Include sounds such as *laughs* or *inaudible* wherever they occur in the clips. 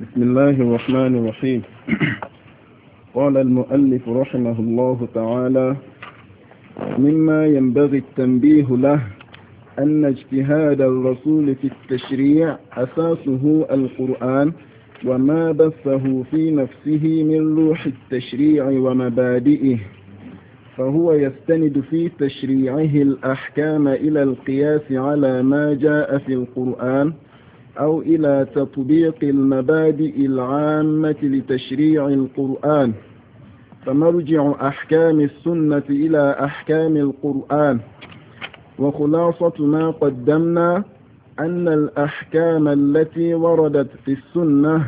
بسم الله الرحمن الرحيم *clears throat* قال المؤلف رحمه الله تعالى مما ينبغي التنبيه له أن اجتهاد الرسول في التشريع أساسه القرآن وما بثه في نفسه من روح التشريع ومبادئه فهو يستند في تشريعه الأحكام إلى القياس على ما جاء في القرآن أو إلى تطبيق المبادئ العامة لتشريع القرآن فمرجع أحكام السنة إلى أحكام القرآن وخلاصة ما قدمنا أن الأحكام التي وردت في السنة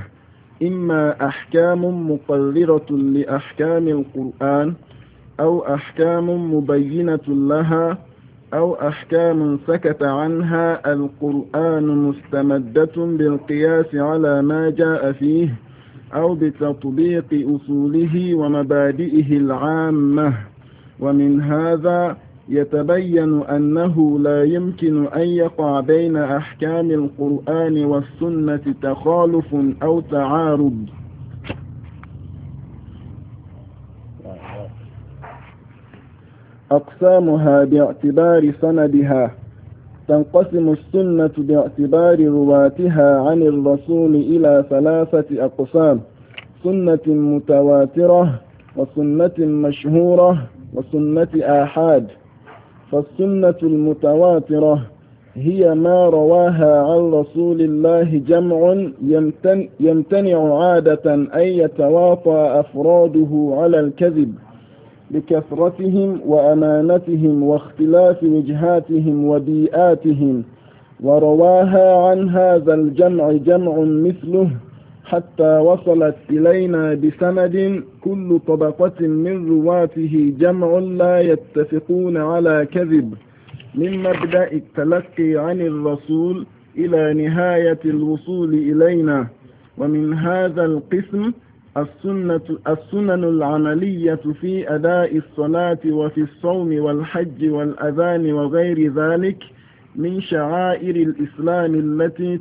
إما أحكام مقررة لأحكام القرآن أو أحكام مبينة لها أو أحكام سكت عنها القرآن مستمدة بالقياس على ما جاء فيه أو بتطبيق أصوله ومبادئه العامة ومن هذا يتبين أنه لا يمكن أن يقع بين أحكام القرآن والسنة تخالف أو تعارض أقسامها باعتبار سندها تنقسم السنة باعتبار رواتها عن الرسول إلى ثلاثة أقسام سنة متواترة وسنة مشهورة وسنة آحاد فالسنة المتواترة هي ما رواها عن رسول الله جمع يمتنع عادة أن يتواطى أفراده على الكذب لكثرتهم وأمانتهم واختلاف وجهاتهم وبيئاتهم ورواها عن هذا الجمع جمع مثله حتى وصلت إلينا بسند كل طبقة من رواته جمع لا يتفقون على كذب من مبدأ التلقي عن الرسول إلى نهاية الوصول إلينا ومن هذا القسم السنة السنن العملية في أداء الصلاة وفي الصوم والحج والأذان وغير ذلك من شعائر الإسلام التي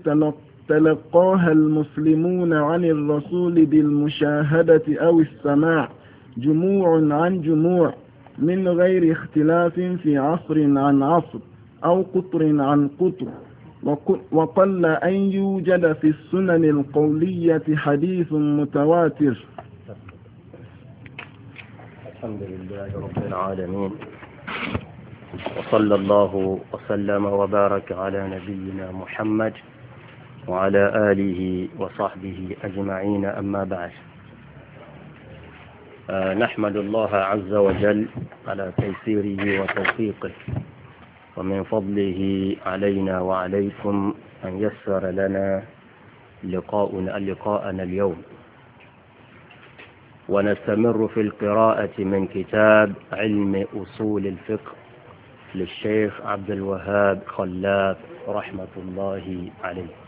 تلقاها المسلمون عن الرسول بالمشاهدة أو السماع جموع عن جموع من غير اختلاف في عصر عن عصر أو قطر عن قطر وقل أن يوجد في السنن القولية حديث متواتر الحمد لله رب العالمين وصلى الله وسلم وبارك على نبينا محمد وعلى آله وصحبه أجمعين أما بعد آه، نحمد الله عز وجل على تيسيره وتوفيقه ومن فضله علينا وعليكم أن يسر لنا لقاؤنا لقاءنا اليوم ونستمر في القراءة من كتاب علم أصول الفقه للشيخ عبد الوهاب خلاف رحمة الله عليه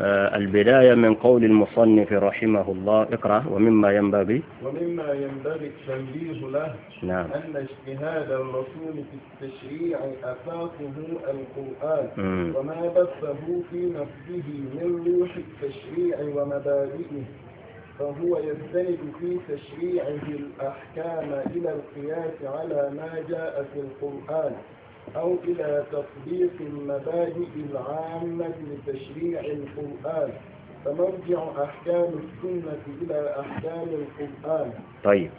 آه، البداية من قول المصنف رحمه الله اقرأ ومما ينبغي ومما ينبغي التنبيه له نعم. أن اجتهاد الرسول في التشريع أساسه القرآن وما بثه في نفسه من روح التشريع ومبادئه فهو يستند في تشريعه الأحكام إلى القياس على ما جاء في القرآن أو إلى تطبيق المبادئ العامة لتشريع القرآن فمرجع أحكام السنة إلى أحكام القرآن طيب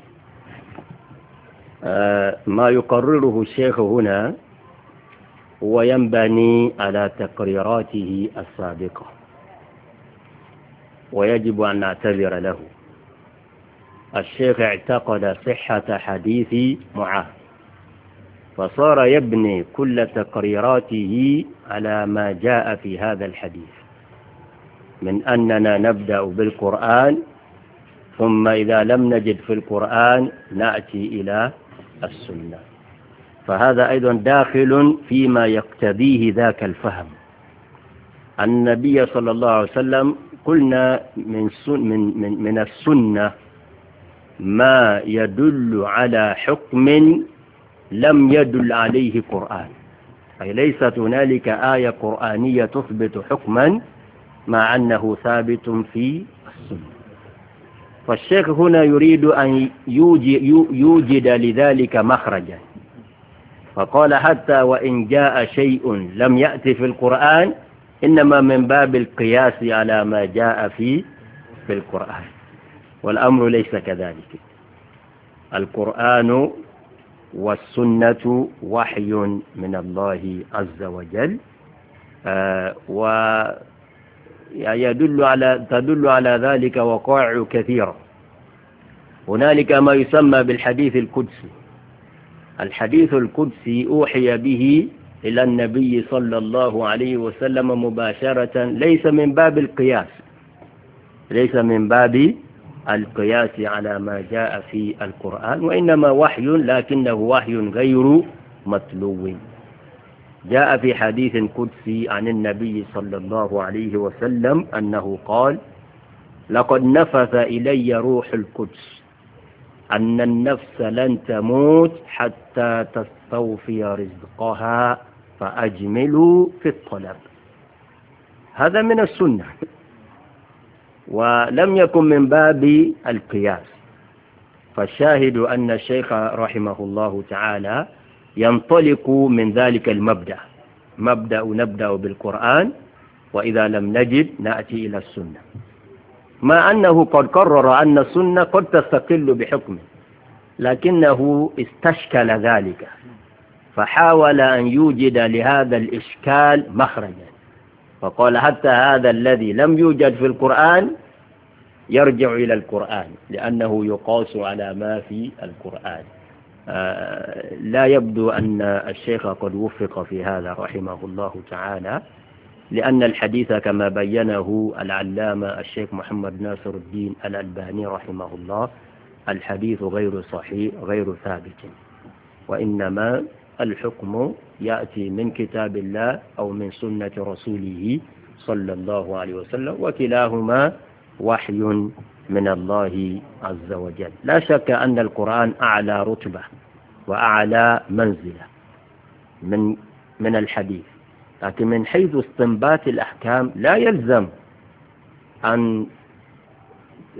آه ما يقرره الشيخ هنا هو ينبني على تقريراته السابقة ويجب أن نعتذر له الشيخ اعتقد صحة حديث معاذ فصار يبني كل تقريراته على ما جاء في هذا الحديث من أننا نبدأ بالقرآن ثم إذا لم نجد في القرآن نأتي إلى السنة فهذا أيضا داخل فيما يقتضيه ذاك الفهم النبي صلى الله عليه وسلم قلنا من, من, من, من السنة ما يدل على حكم لم يدل عليه قرآن أي ليست هنالك آية قرآنية تثبت حكما مع أنه ثابت في السنة فالشيخ هنا يريد أن يوجد لذلك مخرجا فقال حتى وإن جاء شيء لم يأتي في القرآن إنما من باب القياس على ما جاء في في القرآن والأمر ليس كذلك القرآن والسنة وحي من الله عز وجل آه، ويدل على تدل على ذلك وقاع كثيرة هنالك ما يسمى بالحديث القدسي الحديث القدسي أوحي به إلى النبي صلى الله عليه وسلم مباشرة ليس من باب القياس ليس من باب القياس على ما جاء في القرآن وإنما وحي لكنه وحي غير متلو جاء في حديث قدسي عن النبي صلى الله عليه وسلم أنه قال لقد نفث إلي روح القدس أن النفس لن تموت حتى تستوفي رزقها فأجملوا في الطلب هذا من السنة ولم يكن من باب القياس فالشاهد أن الشيخ رحمه الله تعالى ينطلق من ذلك المبدأ مبدأ نبدأ بالقرآن وإذا لم نجد نأتي إلى السنة ما أنه قد قرر أن السنة قد تستقل بحكمه لكنه استشكل ذلك فحاول أن يوجد لهذا الإشكال مخرجا فقال حتى هذا الذي لم يوجد في القرآن يرجع إلى القرآن لأنه يقاس على ما في القرآن آه، لا يبدو أن الشيخ قد وفق في هذا رحمه الله تعالى لأن الحديث كما بينه العلامة الشيخ محمد ناصر الدين الألباني رحمه الله الحديث غير صحيح غير ثابت وإنما الحكم يأتي من كتاب الله أو من سنة رسوله صلى الله عليه وسلم وكلاهما وحي من الله عز وجل لا شك أن القرآن أعلى رتبة وأعلى منزلة من من الحديث لكن من حيث استنبات الأحكام لا يلزم أن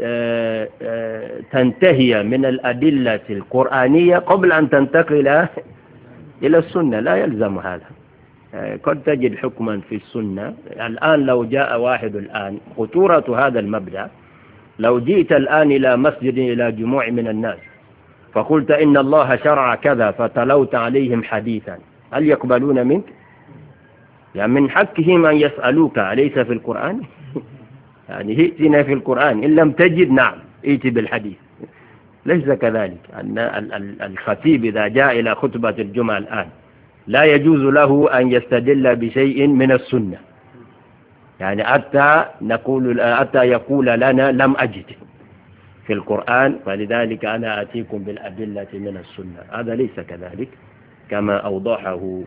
آه، آه، تنتهي من الأدلة القرآنية قبل أن تنتقل إلى السنة لا يلزم هذا آه، قد تجد حكما في السنة الآن لو جاء واحد الآن خطورة هذا المبدأ لو جئت الآن إلى مسجد إلى جموع من الناس فقلت إن الله شرع كذا فتلوت عليهم حديثا هل يقبلون منك؟ يعني من حقهم أن يسألوك أليس في القرآن؟ *laughs* يعني ائتنا في القرآن إن لم تجد نعم ائت بالحديث ليس كذلك أن الخطيب إذا جاء إلى خطبة الجمعة الآن لا يجوز له أن يستدل بشيء من السنة يعني حتى نقول حتى يقول لنا لم أجد في القرآن فلذلك أنا أتيكم بالأدلة من السنة هذا ليس كذلك كما أوضحه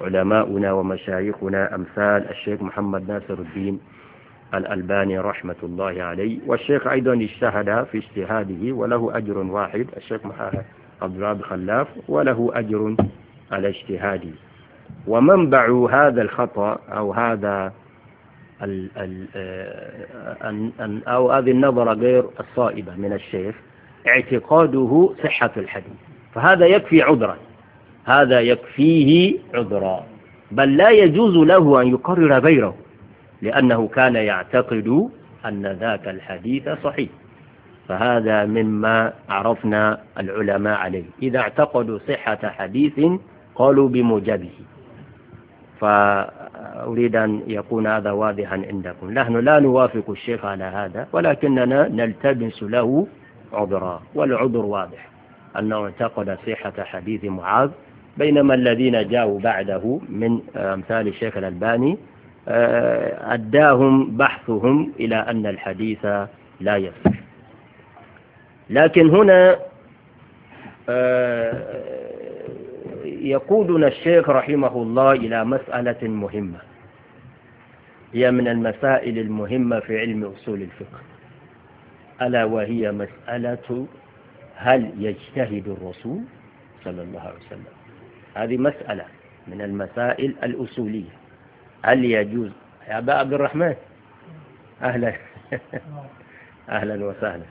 علماؤنا ومشايخنا أمثال الشيخ محمد ناصر الدين الألباني رحمة الله عليه والشيخ أيضا اجتهد في اجتهاده وله أجر واحد الشيخ محمد عبد الوهاب خلاف وله أجر على اجتهاده ومنبع هذا الخطأ أو هذا ال ال آه، أن أو هذه النظرة غير الصائبة من الشيخ اعتقاده صحة الحديث فهذا يكفي عذرا هذا يكفيه عذرا بل لا يجوز له أن يقرر غيره لأنه كان يعتقد أن ذاك الحديث صحيح فهذا مما عرفنا العلماء عليه إذا اعتقدوا صحة حديث قالوا بموجبه فأريد أن يكون هذا واضحا عندكم نحن لا نوافق الشيخ على هذا ولكننا نلتبس له عذرا والعذر واضح أنه اعتقد صحة حديث معاذ بينما الذين جاءوا بعده من أمثال الشيخ الألباني آه، أداهم بحثهم إلى أن الحديث لا يصح لكن هنا آه، يقودنا الشيخ رحمه الله إلى مسألة مهمة هي من المسائل المهمة في علم أصول الفقه ألا وهي مسألة هل يجتهد الرسول صلى الله عليه وسلم هذه مسألة من المسائل الأصولية هل يجوز يا أبا عبد الرحمن أهلا *laughs* أهلا وسهلا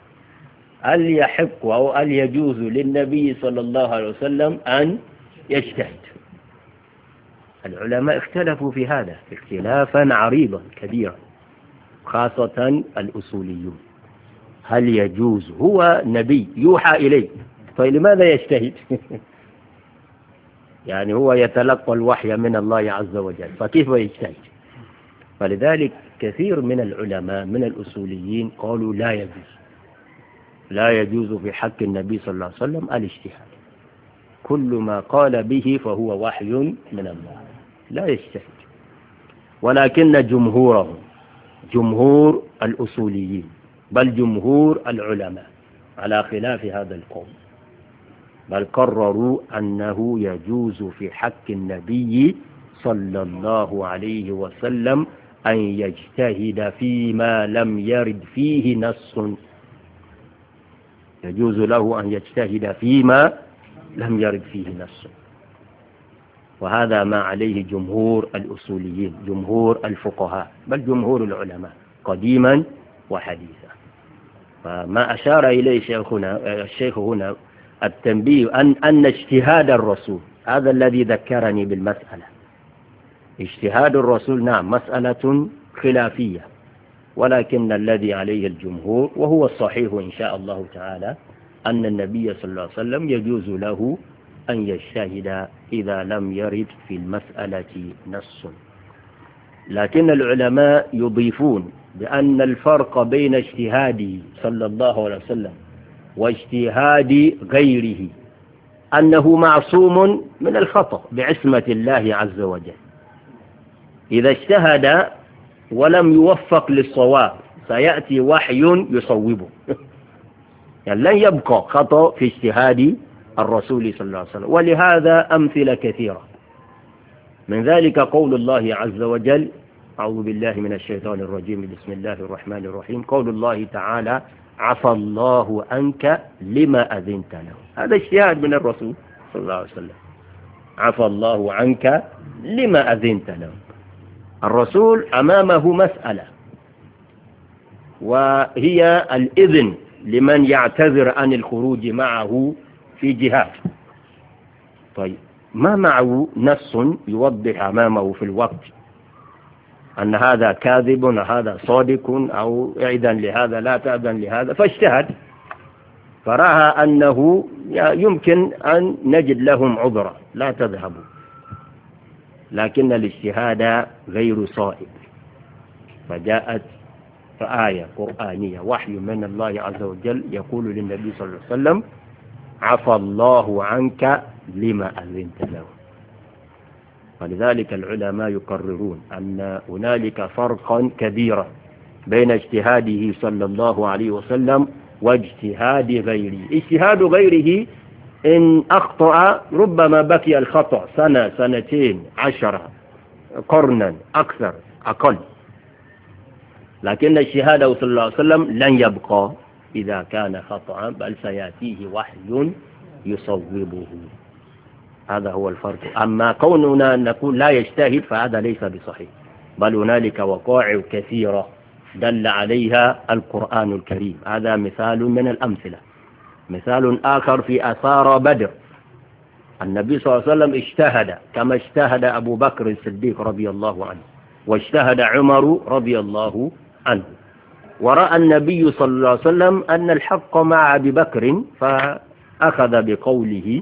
هل يحق أو هل يجوز للنبي صلى الله عليه وسلم أن يجتهد العلماء اختلفوا في هذا اختلافا عريضا كبيرا خاصة الأصوليون هل يجوز هو نبي يوحى إليه فلماذا طيب، يجتهد *laughs* يعني هو يتلقى الوحي من الله عز وجل فكيف يجتهد فلذلك كثير من العلماء من الأصوليين قالوا لا يجوز لا يجوز في حق النبي صلى الله عليه وسلم الاجتهاد كل ما قال به فهو وحي من الله لا يجتهد ولكن جمهورهم جمهور الأصوليين بل جمهور العلماء على خلاف هذا القول بل قرروا أنه يجوز في حق النبي صلى الله عليه وسلم أن يجتهد فيما لم يرد فيه نص يجوز له أن يجتهد فيما لم يرد فيه نص وهذا ما عليه جمهور الأصوليين جمهور الفقهاء بل جمهور العلماء قديما وحديثا فما أشار إليه شيخنا الشيخ هنا التنبيه أن, أن اجتهاد الرسول هذا الذي ذكرني بالمسألة اجتهاد الرسول نعم مسألة خلافية ولكن الذي عليه الجمهور وهو الصحيح إن شاء الله تعالى أن النبي صلى الله عليه وسلم يجوز له أن يجتهد إذا لم يرد في المسألة نص لكن العلماء يضيفون بأن الفرق بين اجتهاده صلى الله عليه وسلم واجتهاد غيره أنه معصوم من الخطأ بعصمة الله عز وجل إذا اجتهد ولم يوفق للصواب سيأتي وحي يصوبه *laughs* يعني لن يبقى خطأ في اجتهاد الرسول صلى الله عليه وسلم ولهذا أمثلة كثيرة من ذلك قول الله عز وجل أعوذ بالله من الشيطان الرجيم بسم الله الرحمن الرحيم قول الله تعالى عفى الله عنك لما أذنت له هذا اجتهاد من الرسول صلى الله عليه وسلم عفى الله عنك لما أذنت له الرسول أمامه مسألة وهي الإذن لمن يعتذر عن الخروج معه في جهاد طيب ما معه نص يوضح أمامه في الوقت أن هذا كاذب هذا صادق أو اعدن لهذا لا تأذن لهذا فاجتهد فرأى أنه يمكن أن نجد لهم عذرا لا تذهبوا لكن الاجتهاد غير صائب فجاءت فآية قرآنية وحي من الله عز وجل يقول للنبي صلى الله عليه وسلم عفى الله عنك لما أذنت له ولذلك العلماء يقررون أن هنالك فرقا كبيرا بين اجتهاده صلى الله عليه وسلم واجتهاد غيره اجتهاد غيره إن أخطأ ربما بكي الخطأ سنة سنتين عشرة قرنا أكثر أقل لكن الشهادة صلى الله عليه وسلم لن يبقى إذا كان خطأ بل سيأتيه وحي يصوبه هذا هو الفرق أما كوننا أن نقول لا يجتهد فهذا ليس بصحيح بل هنالك وقائع كثيرة دل عليها القرآن الكريم هذا مثال من الأمثلة مثال آخر في أثار بدر النبي صلى الله عليه وسلم اجتهد كما اجتهد أبو بكر الصديق رضي الله عنه واجتهد عمر رضي الله عنه ورأى النبي صلى الله عليه وسلم أن الحق مع أبي بكر فأخذ بقوله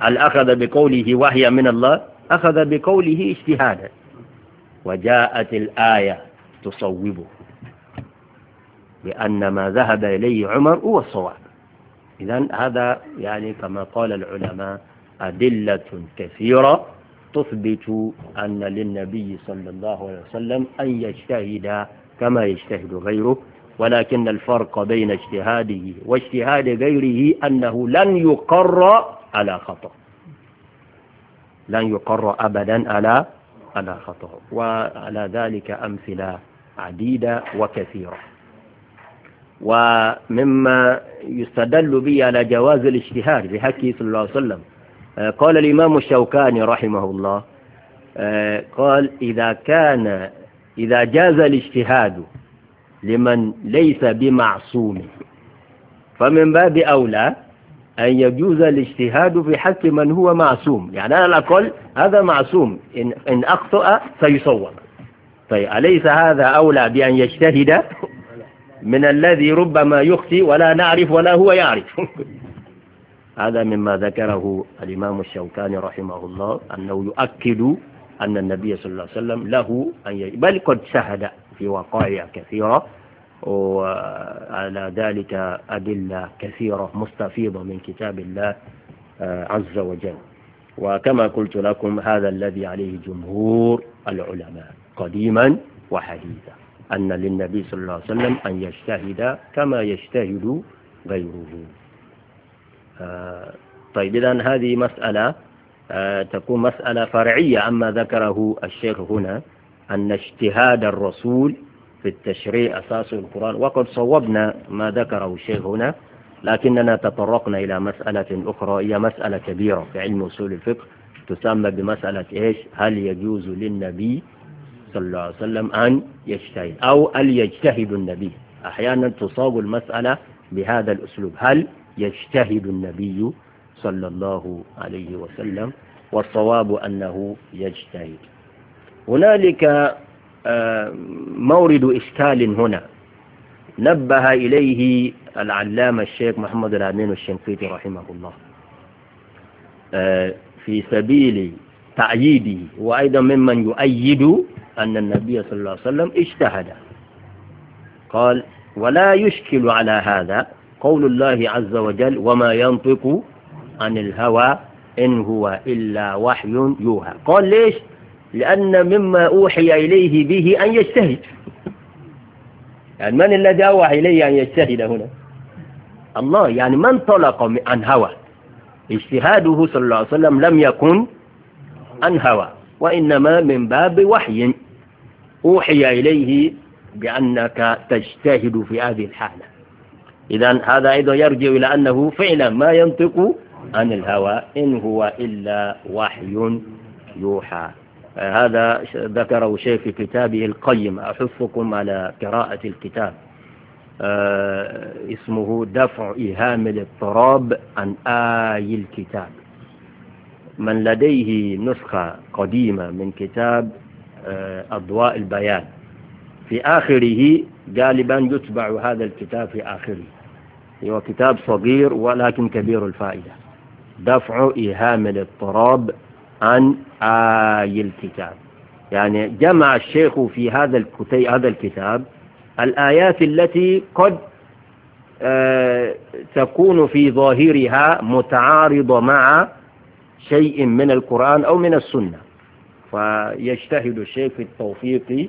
هل أخذ بقوله وحيا من الله أخذ بقوله اجتهادا وجاءت الآية تصوبه بأن ما ذهب إليه عمر هو الصواب إذا هذا يعني كما قال العلماء أدلة كثيرة تثبت أن للنبي صلى الله عليه وسلم أن يجتهد كما يجتهد غيره ولكن الفرق بين اجتهاده واجتهاد غيره أنه لن يقر على خطأ لن يقر أبدا على على خطأ وعلى ذلك أمثلة عديدة وكثيرة ومما يستدل به على جواز الاجتهاد بحكي صلى الله عليه وسلم آه، قال الإمام الشوكاني رحمه الله آه، قال إذا كان إذا جاز الاجتهاد لمن ليس بمعصوم فمن باب أولى أن يجوز الاجتهاد في حق من هو معصوم يعني على الأقل هذا معصوم إن, إن أخطأ فيصوب طيب أليس هذا أولى بأن يجتهد من الذي ربما يخطي ولا نعرف ولا هو يعرف *laughs* هذا مما ذكره الإمام الشوكاني رحمه الله أنه يؤكد أن النبي صلى الله عليه وسلم له أن بل قد شهد في وقائع كثيرة وعلى ذلك أدلة كثيرة مستفيضة من كتاب الله آه، عز وجل وكما قلت لكم هذا الذي عليه جمهور العلماء قديما وحديثا أن للنبي صلى الله عليه وسلم أن يجتهد كما يجتهد غيره آه، طيب إذا هذه مسألة آه، تكون مسألة فرعية أما ذكره الشيخ هنا أن اجتهاد الرسول في التشريع أساس القرآن وقد صوبنا ما ذكره الشيخ هنا لكننا تطرقنا إلى مسألة أخرى هي مسألة كبيرة في علم أصول الفقه تسمى بمسألة إيش هل يجوز للنبي صلى الله عليه وسلم أن يجتهد أو هل يجتهد النبي أحيانا تصاب المسألة بهذا الأسلوب هل يجتهد النبي صلى الله عليه وسلم والصواب أنه يجتهد هنالك آه، مورد إشكال هنا نبه إليه العلامة الشيخ محمد الأمين الشنقيطي رحمه الله آه، في سبيل تأييده وأيضا ممن يؤيد أن النبي صلى الله عليه وسلم اجتهد قال ولا يشكل على هذا قول الله عز وجل وما ينطق عن الهوى إن هو إلا وحي يوحى قال ليش لأن مما أوحي إليه به أن يجتهد يعني من الذي أوحى إليه أن يجتهد هنا الله يعني من طلق عن هوى اجتهاده صلى الله عليه وسلم لم يكن عن هوى وإنما من باب وحي أوحي إليه بأنك تجتهد في هذه الحالة إذا هذا أيضا يرجع إلى أنه فعلا ما ينطق عن الهوى إن هو إلا وحي يوحى هذا ذكره شيخ في كتابه القيم أحثكم على قراءة الكتاب آه، اسمه دفع إهام الاضطراب عن آي الكتاب من لديه نسخة قديمة من كتاب آه، أضواء البيان في آخره غالبا يتبع هذا الكتاب في آخره هو كتاب صغير ولكن كبير الفائدة دفع إهام الاضطراب عن آي الكتاب يعني جمع الشيخ في هذا الكتاب, هذا الكتاب الآيات التي قد آه، تكون في ظاهرها متعارضة مع شيء من القرآن أو من السنة فيجتهد الشيخ في التوفيق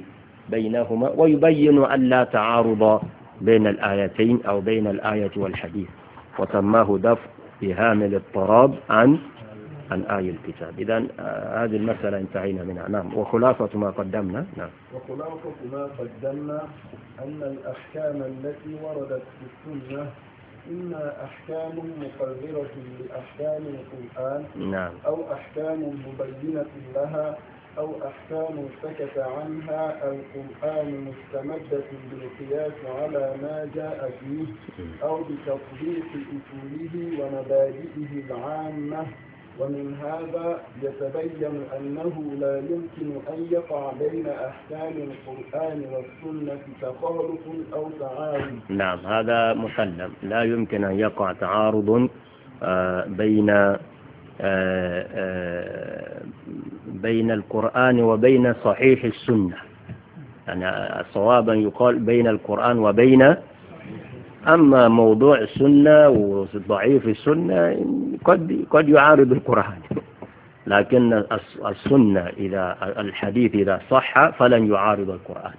بينهما ويبين أن لا تعارض بين الآيتين أو بين الآية والحديث وسماه دفع بهامل الطراب عن الآي الكتاب إذا آه، هذه المسألة انتهينا منها نعم وخلاصة ما قدمنا نعم وخلاصة ما قدمنا أن الأحكام التي وردت في السنة إما أحكام مقررة لأحكام القرآن نعم أو أحكام مبينة لها أو أحكام سكت عنها القرآن مستمدة بالقياس على ما جاء فيه أو بتطبيق أصوله ومبادئه العامة ومن هذا يتبين أنه لا يمكن أن يقع بين أحكام القرآن والسنة تخالف أو تعارض نعم هذا مسلم لا يمكن أن يقع تعارض آه، بين آه، آه، بين القرآن وبين صحيح السنة يعني صوابا يقال بين القرآن وبين أما موضوع السنة وضعيف السنة قد, قد يعارض القرآن لكن السنة إذا الحديث إذا صح فلن يعارض القرآن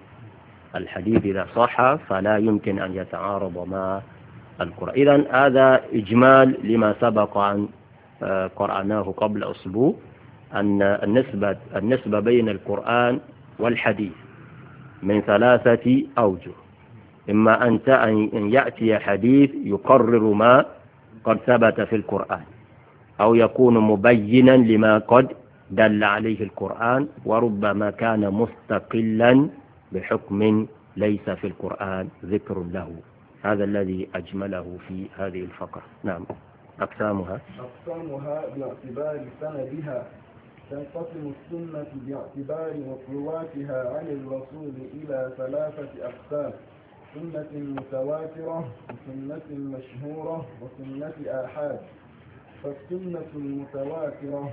الحديث إذا صح فلا يمكن أن يتعارض مع القرآن إذا هذا إجمال لما سبق أن آه، قرأناه قبل أسبوع أن النسبة, النسبة بين القرآن والحديث من ثلاثة أوجه إما أن يأتي حديث يقرر ما قد ثبت في القرآن أو يكون مبينا لما قد دل عليه القرآن وربما كان مستقلا بحكم ليس في القرآن ذكر له هذا الذي أجمله في هذه الفقرة نعم أقسامها أقسامها باعتبار سندها تنقسم السنة باعتبار مطلواتها عن الرسول إلى ثلاثة أقسام سنة متواترة وسنة مشهورة وسنة آحاد فالسنة المتواترة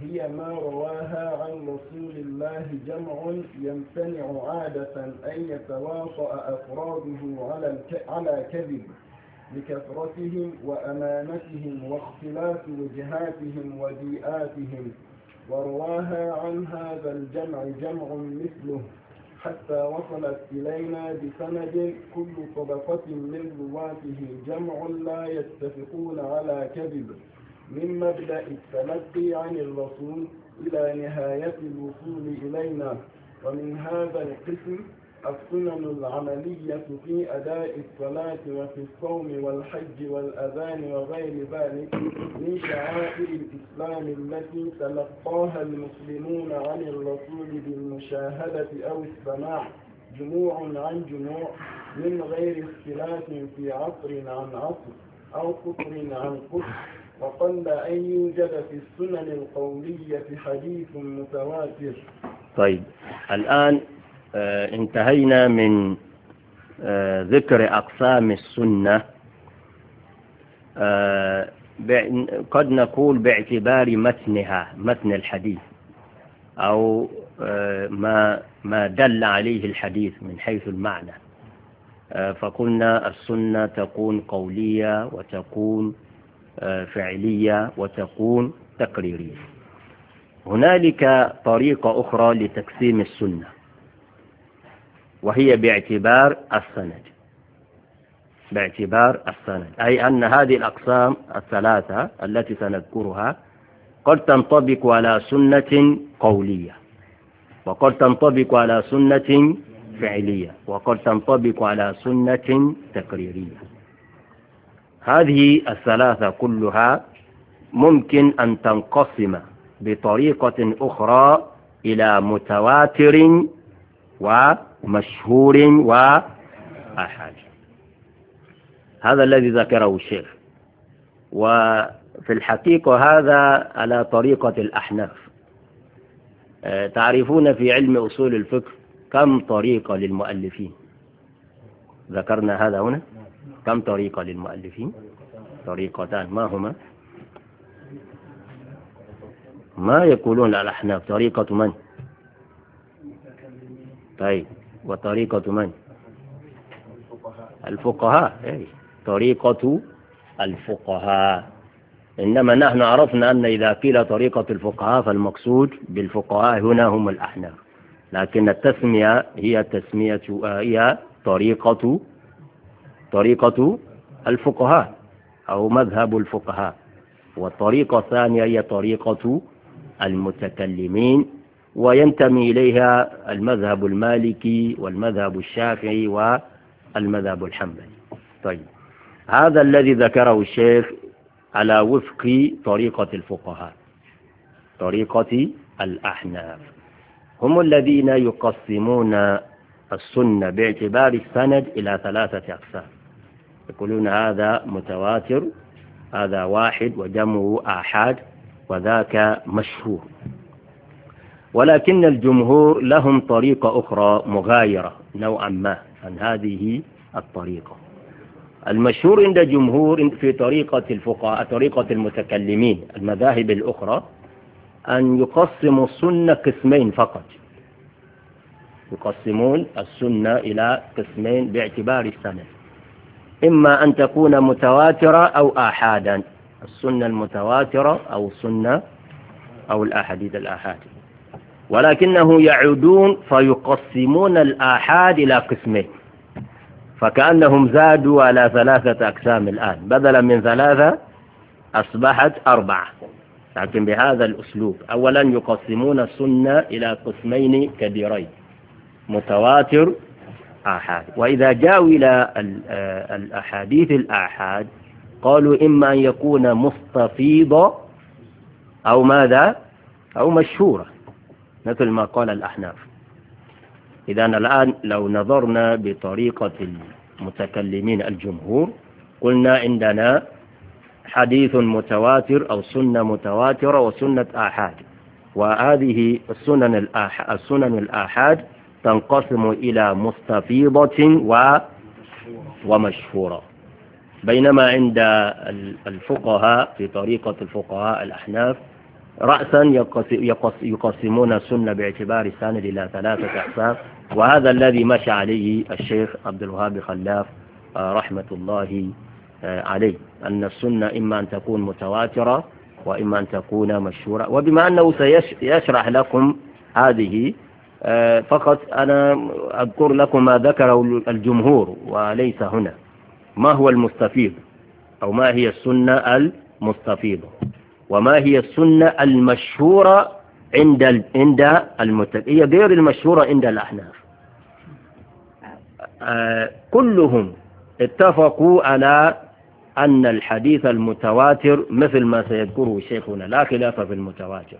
هي ما رواها عن رسول الله جمع يمتنع عادة أن يتواطأ أفراده على على كذب لكثرتهم وأمانتهم واختلاف وجهاتهم وبيئاتهم ورواها عن هذا الجمع جمع مثله حتى وصلت إلينا بسند كل طبقة من رواته جمع لا يتفقون على كذب من مبدأ التلقي عن الرسول إلى نهاية الوصول إلينا ومن هذا القسم السنن العملية في أداء الصلاة وفي الصوم والحج والأذان وغير ذلك من شعائر الإسلام التي تلقاها المسلمون عن الرسول بالمشاهدة أو السماع جموع عن جموع من غير اختلاف في عصر عن عصر أو قطر عن قطر وقل أن يوجد في السنن القولية حديث متواتر طيب الآن آه، انتهينا من آه، ذكر أقسام السنة آه، قد نقول باعتبار متنها متن الحديث أو ما ما دل عليه الحديث من حيث المعنى فقلنا السنة تكون قولية وتكون فعلية وتكون تقريرية هنالك طريقة أخرى لتقسيم السنة وهي باعتبار السند باعتبار السند أي أن هذه الأقسام الثلاثة التي سنذكرها قد تنطبق على سنة قولية وقد تنطبق على سنة فعلية وقد تنطبق على سنة تقريرية هذه الثلاثة كلها ممكن أن تنقسم بطريقة أخرى إلى متواتر و مشهور وأحد هذا الذي ذكره الشيخ وفي الحقيقة هذا على طريقة الأحناف آه، تعرفون في علم أصول الفقه كم طريقة للمؤلفين ذكرنا هذا هنا كم طريقة للمؤلفين طريقتان ما هما ما يقولون الأحناف طريقة من طيب وطريقة من الفقهاء أي طريقة الفقهاء إنما نحن عرفنا أن إذا قيل طريقة الفقهاء فالمقصود بالفقهاء هنا هم الأحناف لكن التسمية هي تسمية هي طريقة طريقة الفقهاء أو مذهب الفقهاء والطريقة الثانية هي طريقة المتكلمين وينتمي إليها المذهب المالكي والمذهب الشافعي والمذهب الحنبلي طيب هذا الذي ذكره الشيخ على وفق طريقة الفقهاء طريقة الأحناف هم الذين يقسمون السنة باعتبار السند إلى ثلاثة أقسام يقولون هذا متواتر هذا واحد وجمه آحاد وذاك مشهور ولكن الجمهور لهم طريقة أخرى مغايرة نوعا ما عن هذه الطريقة المشهور عند جمهور في طريقة الفقهاء طريقة المتكلمين المذاهب الأخرى أن يقسموا السنة قسمين فقط يقسمون السنة إلى قسمين باعتبار السنة إما أن تكون متواترة أو آحادا السنة المتواترة أو السنة أو الأحاديث الآحادي ولكنه يعودون فيقسمون الآحاد إلى قسمين فكأنهم زادوا على ثلاثة أقسام الآن بدلا من ثلاثة أصبحت أربعة لكن بهذا الأسلوب أولا يقسمون السنة إلى قسمين كبيرين متواتر آحاد وإذا جاءوا إلى آه، الأحاديث الآحاد قالوا إما أن يكون مستفيضا أو ماذا أو مشهورة مثل ما قال الأحناف إذا الآن لو نظرنا بطريقة المتكلمين الجمهور قلنا عندنا حديث متواتر أو سنة متواترة وسنة آحاد وهذه السنن الآحاد, السنن الآحاد تنقسم إلى مستفيضة و ومشهورة بينما عند الفقهاء في طريقة الفقهاء الأحناف رأسا يقسمون السنة باعتبار السند إلى ثلاثة أقسام وهذا الذي مشى عليه الشيخ عبد الوهاب خلاف آه، رحمة الله آه، عليه أن السنة إما أن تكون متواترة وإما أن تكون مشهورة وبما أنه سيشرح لكم هذه آه، فقط أنا أذكر لكم ما ذكره الجمهور وليس هنا ما هو المستفيد أو ما هي السنة المستفيضة وما هي السنة المشهورة عند عند هي غير المشهورة عند الأحناف آه، كلهم اتفقوا على أن الحديث المتواتر مثل ما سيذكره شيخنا لا خلاف في المتواتر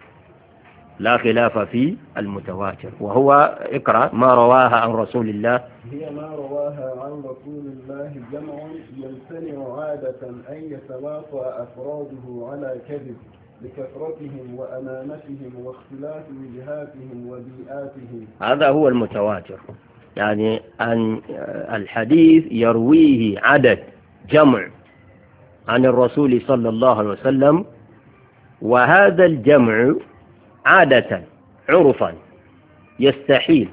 لا خلاف في المتواتر وهو اقرأ ما رواها عن رسول الله هي ما رواها عن رسول الله جمع يمتنع عادة أن يتواطأ أفراده على كذب لكثرتهم وأمانتهم واختلاف وجهاتهم وبيئاتهم هذا هو المتواتر يعني أن الحديث يرويه عدد جمع عن الرسول صلى الله عليه وسلم وهذا الجمع عادة عرفا يستحيل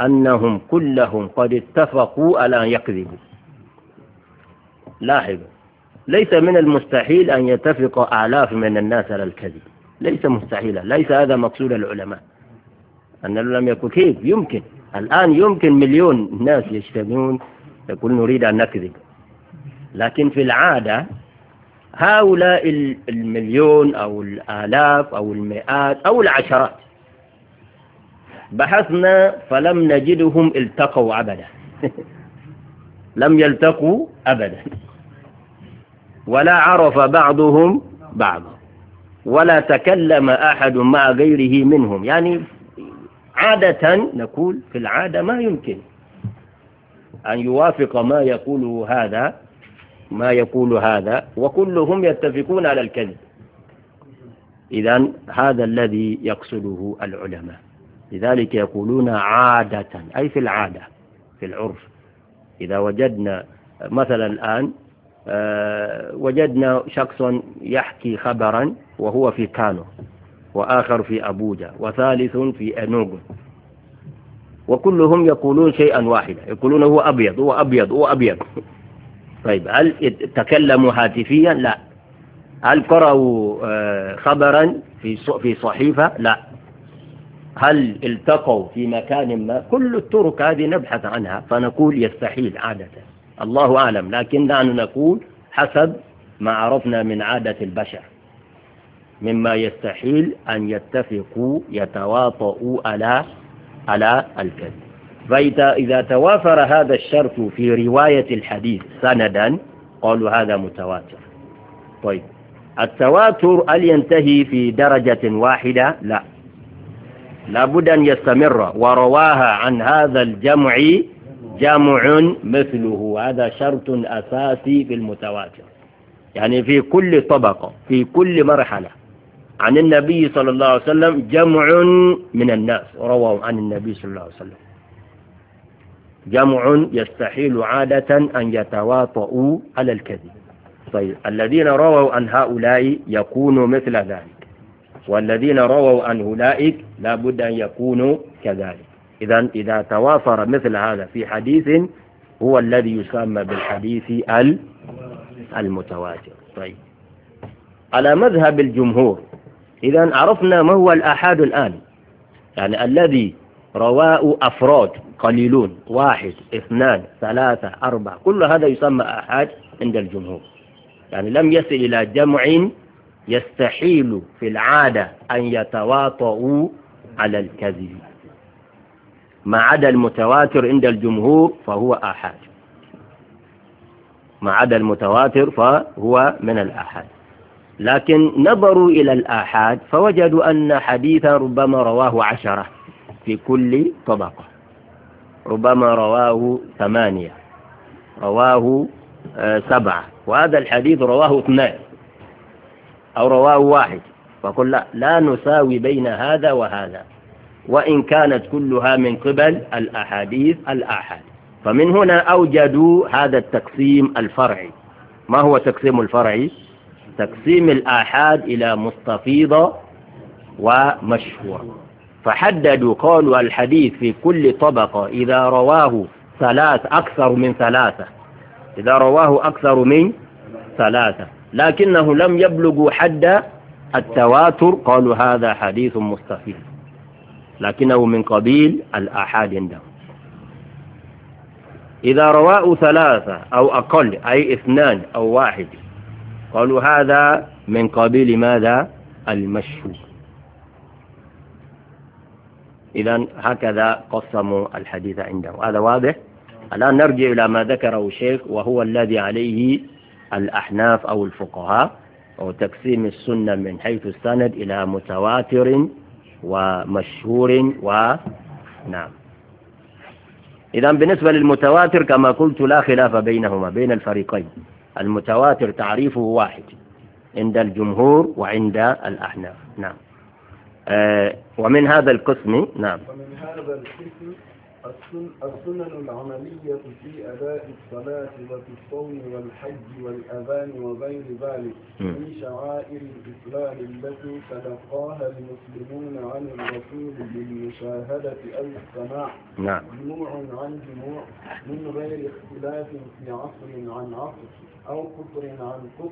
أنهم كلهم قد اتفقوا على أن يكذبوا لاحظوا ليس من المستحيل أن يتفق آلاف من الناس على الكذب ليس مستحيلا ليس هذا مقصود العلماء أن لم يكن كيف يمكن الآن يمكن مليون ناس يجتمعون يقول نريد أن نكذب لكن في العادة هؤلاء المليون أو الآلاف أو المئات أو العشرات بحثنا فلم نجدهم التقوا أبدا *laughs* لم يلتقوا أبدا ولا عرف بعضهم بعضا ولا تكلم أحد مع غيره منهم يعني عادة نقول في العادة ما يمكن أن يوافق ما يقوله هذا ما يقول هذا وكلهم يتفقون على الكذب إذا هذا الذي يقصده العلماء لذلك يقولون عادة أي في العادة في العرف إذا وجدنا مثلا الآن آه، وجدنا شخص يحكي خبرا وهو في كانو وآخر في أبوجا وثالث في أنوغو وكلهم يقولون شيئا واحدا يقولون هو أبيض هو أبيض هو أبيض طيب هل تكلموا هاتفيا لا هل قرأوا آه، خبرا في في صحيفة لا هل التقوا في مكان ما كل الطرق هذه نبحث عنها فنقول يستحيل عادة الله أعلم لكن نحن نقول حسب ما عرفنا من عادة البشر مما يستحيل أن يتفقوا يتواطؤوا على على الكذب فإذا إذا توافر هذا الشرط في رواية الحديث سندا قالوا هذا متواتر طيب التواتر هل ينتهي في درجة واحدة لا لابد أن يستمر ورواها عن هذا الجمع جمع مثله هذا شرط أساسي في المتواتر يعني في كل طبقة في كل مرحلة عن النبي صلى الله عليه وسلم جمع من الناس رواه عن النبي صلى الله عليه وسلم جمع يستحيل عادة أن يتواطؤوا على الكذب طيب الذين رووا عن هؤلاء يكونوا مثل ذلك والذين رووا عن أولئك لا بد أن يكونوا كذلك إذا إذا توافر مثل هذا في حديث هو الذي يسمى بالحديث المتواتر طيب على مذهب الجمهور إذا عرفنا ما هو الأحاد الآن يعني الذي رواء أفراد قليلون واحد اثنان ثلاثة أربعة كل هذا يسمى أحد عند الجمهور يعني لم يصل إلى جمع يستحيل في العادة أن يتواطؤوا على الكذب ما عدا المتواتر عند الجمهور فهو أحد ما عدا المتواتر فهو من الأحد لكن نظروا إلى الآحاد فوجدوا أن حديثا ربما رواه عشرة في كل طبقة ربما رواه ثمانية رواه آه، سبعة وهذا الحديث رواه اثنان أو رواه واحد فقل لا لا نساوي بين هذا وهذا وإن كانت كلها من قبل الأحاديث الأحد فمن هنا أوجدوا هذا التقسيم الفرعي ما هو تقسيم الفرعي؟ تقسيم الآحاد إلى مستفيضة ومشهورة فحددوا قالوا الحديث في كل طبقة إذا رواه ثلاث أكثر من ثلاثة إذا رواه أكثر من ثلاثة لكنه لم يبلغ حد التواتر قالوا هذا حديث مستفيد لكنه من قبيل الآحاد عندهم إذا رواه ثلاثة أو أقل أي اثنان أو واحد قالوا هذا من قبيل ماذا المشهور إذا هكذا قسموا الحديث عندهم هذا واضح الآن نرجع إلى ما ذكره الشيخ وهو الذي عليه الأحناف أو الفقهاء أو تقسيم السنة من حيث السند إلى متواتر ومشهور و نعم إذا بالنسبة للمتواتر كما قلت لا خلاف بينهما بين الفريقين المتواتر تعريفه واحد عند الجمهور وعند الأحناف نعم آه، ومن هذا القسم نعم ومن هذا القسم السنن العملية في أداء الصلاة وفي الصوم والحج والأذان وغير ذلك في شعائر الإسلام التي تلقاها المسلمون عن الرسول بالمشاهدة أو السماع نعم جموع عن جموع من غير اختلاف في عصر عن عصر أو قطر عن قطر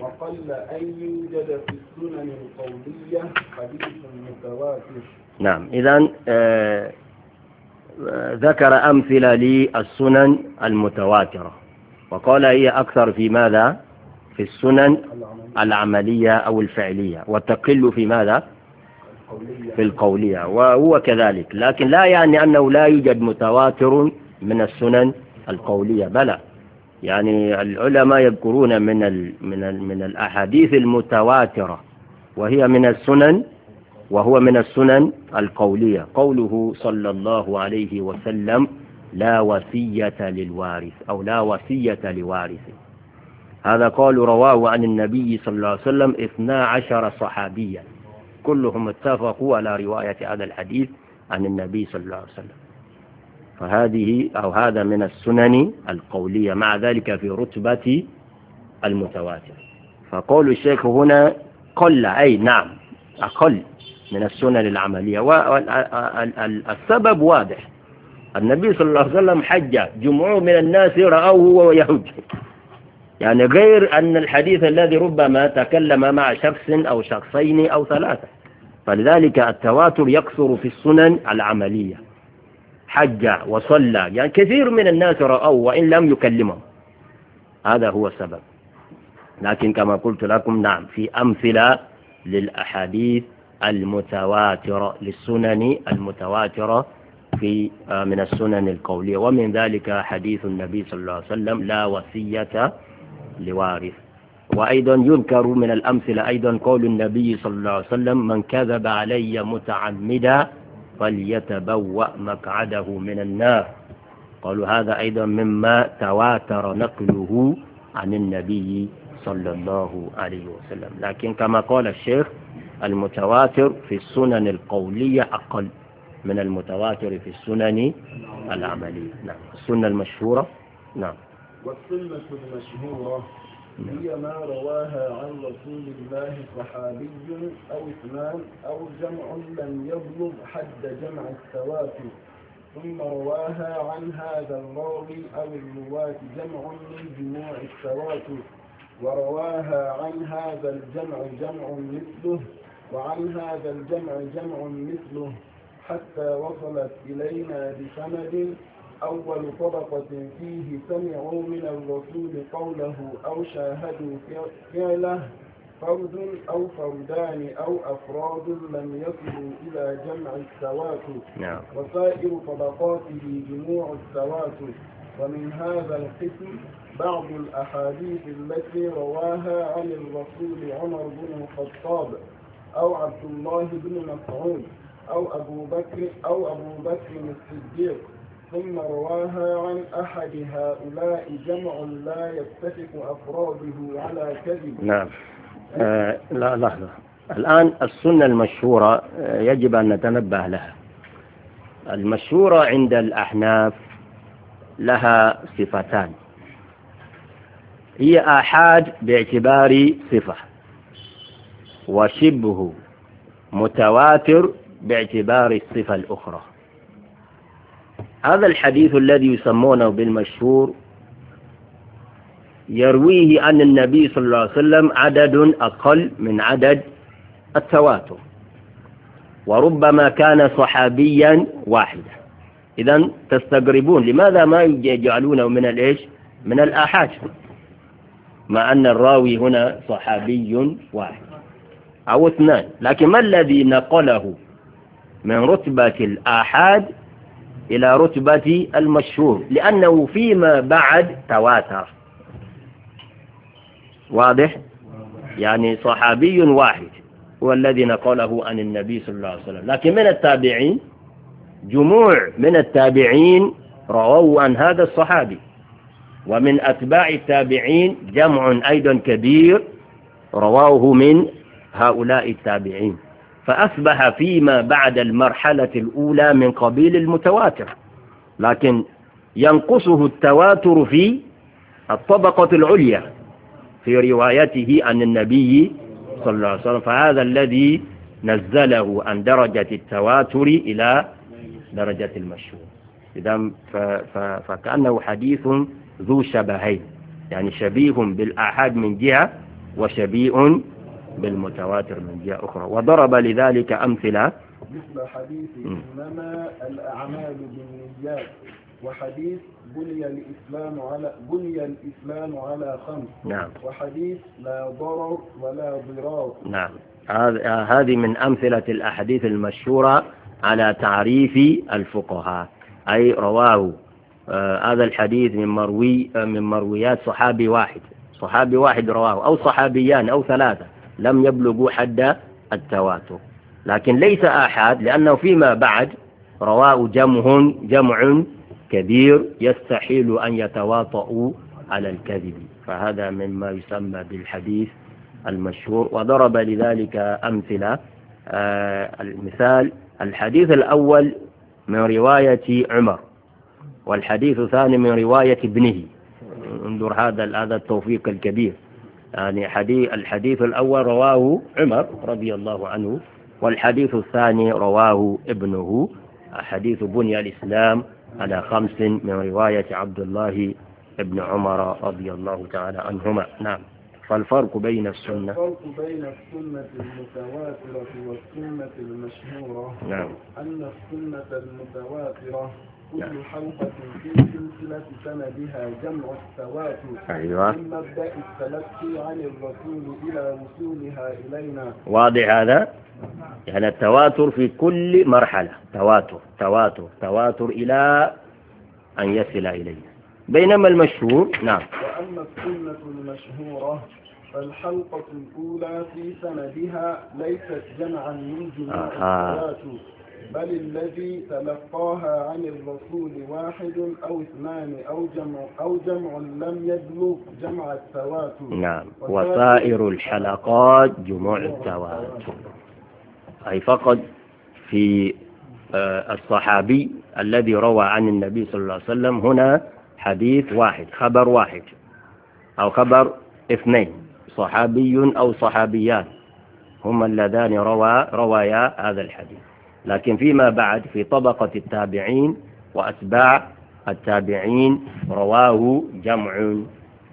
وقل أن يوجد في السنن القولية حديث متواتر نعم إذا آه ذكر أمثلة للسنن المتواترة وقال هي أكثر في ماذا في السنن العملية أو الفعلية وتقل في ماذا في القولية وهو كذلك لكن لا يعني أنه لا يوجد متواتر من السنن القولية بلى يعني العلماء يذكرون من الـ من الـ من الأحاديث المتواترة وهي من السنن وهو من السنن القولية قوله صلى الله عليه وسلم لا وصية للوارث أو لا وصية لوارث هذا قال رواه عن النبي صلى الله عليه وسلم اثنا عشر صحابيا كلهم اتفقوا على رواية هذا الحديث عن النبي صلى الله عليه وسلم فهذه أو هذا من السنن القولية مع ذلك في رتبة المتواتر فقول الشيخ هنا قل أي نعم أقل من السنن العملية والسبب واضح النبي صلى الله عليه وسلم حج جمعه من الناس رأوه وهو يهج يعني غير أن الحديث الذي ربما تكلم مع شخص أو شخصين أو ثلاثة فلذلك التواتر يكثر في السنن العملية حج وصلى يعني كثير من الناس رأوا وإن لم يكلمهم هذا هو السبب لكن كما قلت لكم نعم في أمثلة للأحاديث المتواترة للسنن المتواترة في آه، من السنن القولية ومن ذلك حديث النبي صلى الله عليه وسلم لا وصية لوارث وأيضا يذكر من الأمثلة أيضا قول النبي صلى الله عليه وسلم من كذب علي متعمدا فليتبوأ مقعده من النار قالوا هذا أيضا مما تواتر نقله عن النبي صلى الله عليه وسلم لكن كما قال الشيخ المتواتر في السنن القولية أقل من المتواتر في السنن العملية نعم السنة المشهورة نعم والسنة المشهورة هي ما رواها عن رسول الله صحابي أو اثنان أو جمع لم يبلغ حد جمع التواتر ثم رواها عن هذا الراوي أو الرواة جمع من جموع التواتر ورواها عن هذا الجمع جمع مثله وعن هذا الجمع جمع مثله حتى وصلت إلينا بسند أول طبقة فيه سمعوا من الرسول قوله أو شاهدوا فعله فرد أو فردان أو أفراد لم يصلوا إلى جمع السوات نعم. وسائر طبقاته جموع السوات ومن هذا القسم بعض الأحاديث التي رواها عن الرسول عمر بن الخطاب أو عبد الله بن مسعود أو أبو بكر أو أبو بكر الصديق ثم رواها عن أحد هؤلاء جمع لا يتفق أفراده على كذب نعم آه لا لحظة الآن السنة المشهورة آه، يجب أن نتنبه لها المشهورة عند الأحناف لها صفتان هي آحاد باعتبار صفة وشبه متواتر باعتبار الصفة الأخرى هذا الحديث الذي يسمونه بالمشهور يرويه عن النبي صلى الله عليه وسلم عدد أقل من عدد التواتر وربما كان صحابيا واحدا إذا تستغربون لماذا ما يجعلونه من الإيش من الآحاد مع أن الراوي هنا صحابي واحد أو اثنان لكن ما الذي نقله من رتبة الآحاد إلى رتبة المشهور لأنه فيما بعد تواتر واضح يعني صحابي واحد هو الذي نقله عن النبي صلى الله عليه وسلم لكن من التابعين جموع من التابعين رووا عن هذا الصحابي ومن أتباع التابعين جمع أيضا كبير رواه من هؤلاء التابعين فأصبح فيما بعد المرحلة الأولى من قبيل المتواتر لكن ينقصه التواتر في الطبقة العليا في روايته عن النبي صلى الله عليه وسلم فهذا الذي نزله عن درجة التواتر إلى درجة المشهور إذا فكأنه حديث ذو شبهين يعني شبيه بالآحاد من جهة وشبيه بالمتواتر من جهة أخرى وضرب لذلك أمثلة مثل حديث إنما الأعمال بالنيات وحديث بني الإسلام على بني الإسلام على خمس نعم وحديث لا ضرر ولا ضرار نعم هذه من أمثلة الأحاديث المشهورة على تعريف الفقهاء أي رواه آه هذا الحديث من مروي آه، من مرويات صحابي واحد صحابي واحد رواه أو صحابيان أو ثلاثة لم يبلغوا حد التواتر لكن ليس آحاد لأنه فيما بعد رواه جمع جمع كبير يستحيل أن يتواطؤوا على الكذب فهذا مما يسمى بالحديث المشهور وضرب لذلك أمثلة آه، المثال الحديث الأول من رواية عمر والحديث الثاني من رواية ابنه انظر هذا هذا التوفيق الكبير يعني حديث الحديث الأول رواه عمر رضي الله عنه والحديث الثاني رواه ابنه حديث بني الإسلام على خمس من رواية عبد الله ابن عمر رضي الله تعالى عنهما نعم فالفرق بين السنة الفرق بين السنة المتواترة والسنة المشهورة نعم أن السنة المتواترة كل يعني. حلقة في سلسلة سندها جمع التواتر أيوة من مبدأ التلقي عن الرسول إلى وصولها إلينا واضح هذا؟ يعني التواتر في كل مرحلة تواتر تواتر تواتر إلى أن يصل إلينا بينما المشهور نعم وأما السنة المشهورة فالحلقة الأولى في سندها ليست جمعا من جمع التواتر بل الذي تلقاها عن الرسول واحد أو اثنان أو جمع, أو جمع لم يبلغ جمع التواتر نعم وسائر الحلقات جموع التواتر أي فقط في آه، الصحابي الذي روى عن النبي صلى الله عليه وسلم هنا حديث واحد خبر واحد أو خبر اثنين صحابي أو صحابيان هما اللذان روى روايا هذا الحديث لكن فيما بعد في طبقة التابعين وأتباع التابعين رواه جمع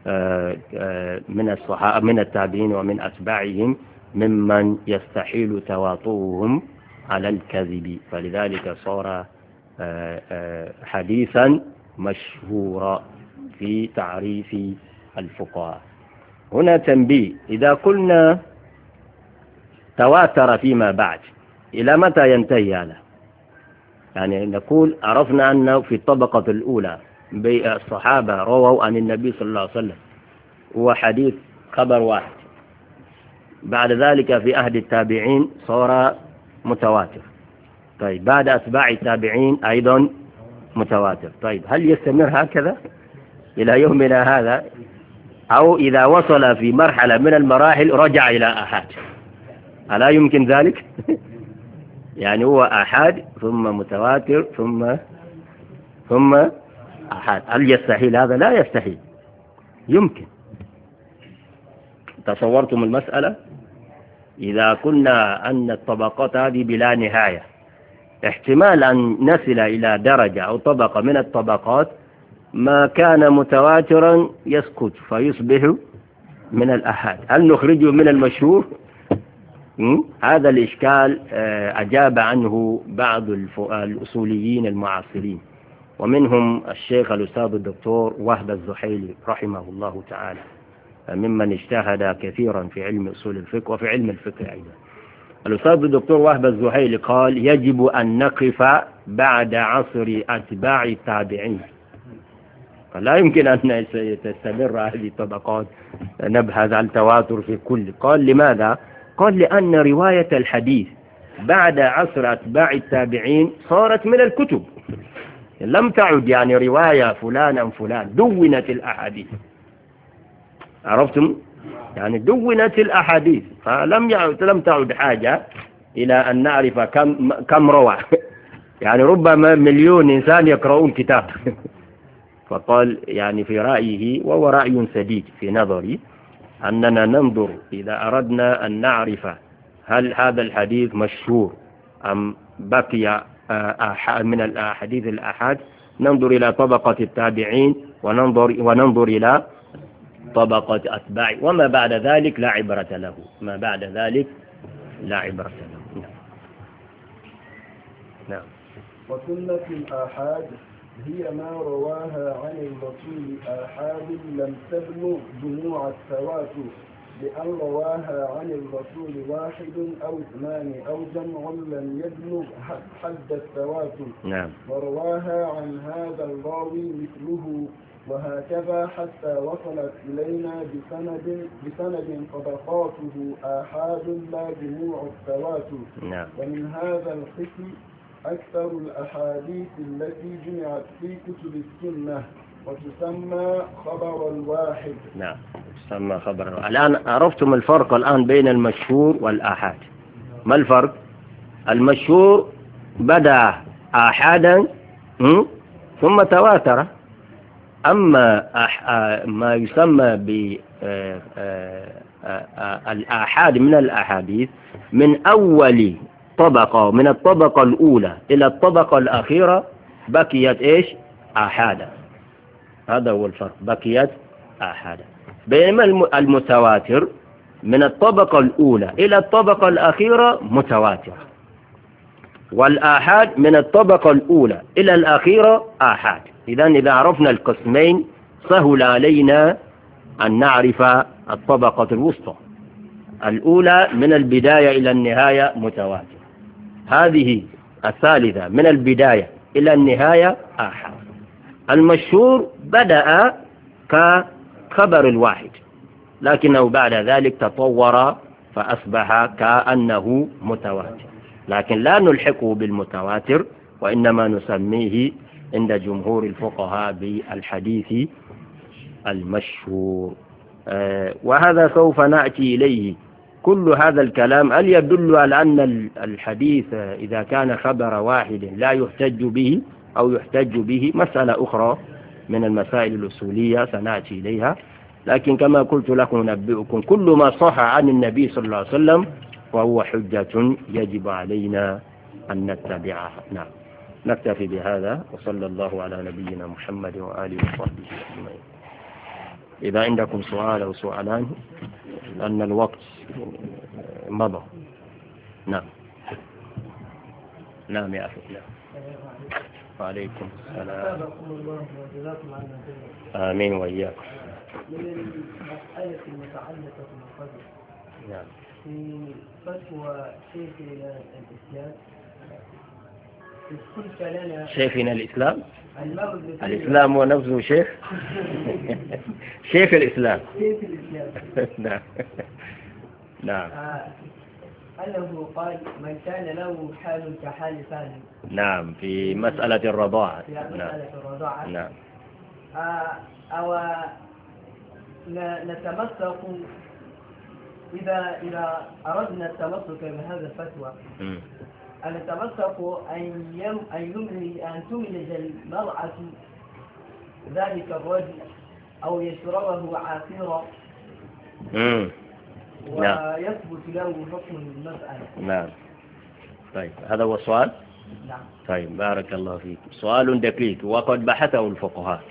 آه، آه، من الصحابة من التابعين ومن أتباعهم ممن يستحيل تواطؤهم على الكذب فلذلك صار آه، حديثا مشهورا في تعريف الفقهاء هنا تنبيه إذا قلنا تواتر فيما بعد إلى متى ينتهي هذا يعني نقول عرفنا أنه في الطبقة الأولى الصحابة رووا عن النبي صلى الله عليه وسلم هو حديث خبر واحد بعد ذلك في عهد التابعين صار متواتر طيب بعد أتباع التابعين أيضا متواتر طيب هل يستمر هكذا إلى يومنا هذا أو إذا وصل في مرحلة من المراحل رجع إلى أحد ألا يمكن ذلك؟ *laughs* يعني هو أحد ثم متواتر ثم ثم أحد هل يستحيل هذا لا يستحيل يمكن تصورتم المسألة إذا كنا أن الطبقات هذه بلا نهاية احتمال أن نصل إلى درجة أو طبقة من الطبقات ما كان متواترا يسكت فيصبح من الأحاد هل نخرجه من المشهور هذا الإشكال آه، أجاب عنه بعض الأصوليين المعاصرين ومنهم الشيخ الأستاذ الدكتور وهب الزحيلي رحمه الله تعالى آه، ممن اجتهد كثيرا في علم أصول الفقه وفي علم الفقه أيضا الأستاذ الدكتور وهب الزحيلي قال يجب أن نقف بعد عصر أتباع التابعين فلا يمكن أن تستمر هذه الطبقات نبحث عن تواتر في كل قال لماذا؟ قال لأن رواية الحديث بعد عصر أتباع التابعين صارت من الكتب لم تعد يعني رواية فلانا فلان دونت الأحاديث عرفتم يعني دونت الأحاديث فلم يعد لم تعد حاجة إلى أن نعرف كم كم روى *laughs* يعني ربما مليون إنسان يقرؤون كتاب *laughs* فقال يعني في رأيه وهو رأي سديد في نظري أننا ننظر إذا أردنا أن نعرف هل هذا الحديث مشهور أم بقي آه، من الأحاديث الأحاد ننظر إلى طبقة التابعين وننظر, وننظر إلى طبقة أتباع وما بعد ذلك لا عبرة له ما بعد ذلك لا عبرة له نعم نعم وسنة الآحاد هي ما رواها عن الرسول آحاد لم تبلغ جموع الثوات لأن رواها عن الرسول واحد أو اثنان أو جمع لم يبلغ حد الثوات نعم. ورواها عن هذا الراوي مثله وهكذا حتى وصلت إلينا بسند بسند طبقاته آحاد لا جموع الثوات نعم. ومن هذا القسم أكثر الأحاديث التي جمعت في كتب السنة وتسمى خبر الواحد نعم تسمى خبر الواحد الآن عرفتم الفرق الآن بين المشهور والآحاد ما الفرق المشهور بدأ آحادا ثم تواتر أما ما يسمى ب الآحاد من الأحاديث من أول طبقة من الطبقة الأولى إلى الطبقة الأخيرة بقيت إيش أحادة هذا هو الفرق بقيت أحادة بينما المتواتر من الطبقة الأولى إلى الطبقة الأخيرة متواتر والآحاد من الطبقة الأولى إلى الأخيرة آحاد إذا إذا عرفنا القسمين سهل علينا أن نعرف الطبقة الوسطى الأولى من البداية إلى النهاية متواتر هذه الثالثة من البداية إلى النهاية آحاد المشهور بدأ كخبر الواحد لكنه بعد ذلك تطور فأصبح كأنه متواتر لكن لا نلحقه بالمتواتر وإنما نسميه عند جمهور الفقهاء بالحديث المشهور آه، وهذا سوف نأتي إليه كل هذا الكلام هل يدل على أن الحديث إذا كان خبر واحد لا يحتج به أو يحتج به مسألة أخرى من المسائل الأصولية سنأتي إليها لكن كما قلت لكم نبئكم كل ما صح عن النبي صلى الله عليه وسلم فهو حجة يجب علينا أن نتبعها نعم نكتفي بهذا وصلى الله على نبينا محمد وآله وصحبه أجمعين إذا عندكم سؤال أو سؤالان لأن الوقت مضى نعم نعم يا أخي نعم وعليكم السلام آمين وإياكم من المسألة المتعلقة بالقدر نعم في فتوى شيخنا الإسلام شيخنا الإسلام الإسلام هو نفسه شيخ *laughs* شيخ الإسلام شيخ الإسلام *laughs* نعم نعم آه، أنه قال من كان له حال كحال فاهم نعم في مسألة الرضاعة في مسألة نعم. الرضاعة نعم آه، أو نتمسك إذا إذا أردنا التمسك بهذا الفتوى أن يم أن يملي أن تملج المرأة ذلك الرجل أو يشربه عاصرا نعم. ويثبت له حكم المسألة نعم طيب هذا هو السؤال نعم طيب بارك الله فيك سؤال دقيق وقد بحثه الفقهاء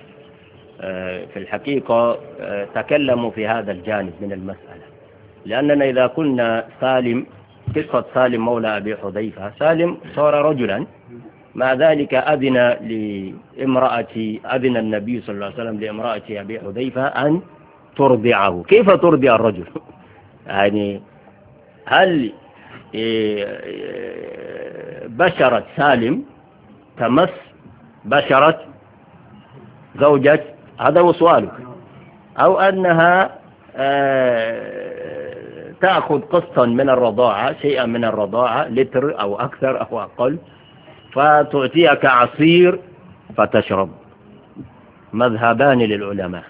آه، في الحقيقة آه، تكلموا في هذا الجانب من المسألة لأننا إذا قلنا سالم قصة سالم مولى أبي حذيفة سالم صار رجلا مع ذلك أذن لامرأة أذن النبي صلى الله عليه وسلم لامرأة أبي حذيفة أن ترضعه كيف ترضع الرجل يعني هل إيه، إيه، بشرة سالم تمس بشرة زوجة هذا هو سؤالك أو أنها آه، تأخذ قسطا من الرضاعة شيئا من الرضاعة لتر أو أكثر أو أقل فتعطيك عصير فتشرب مذهبان للعلماء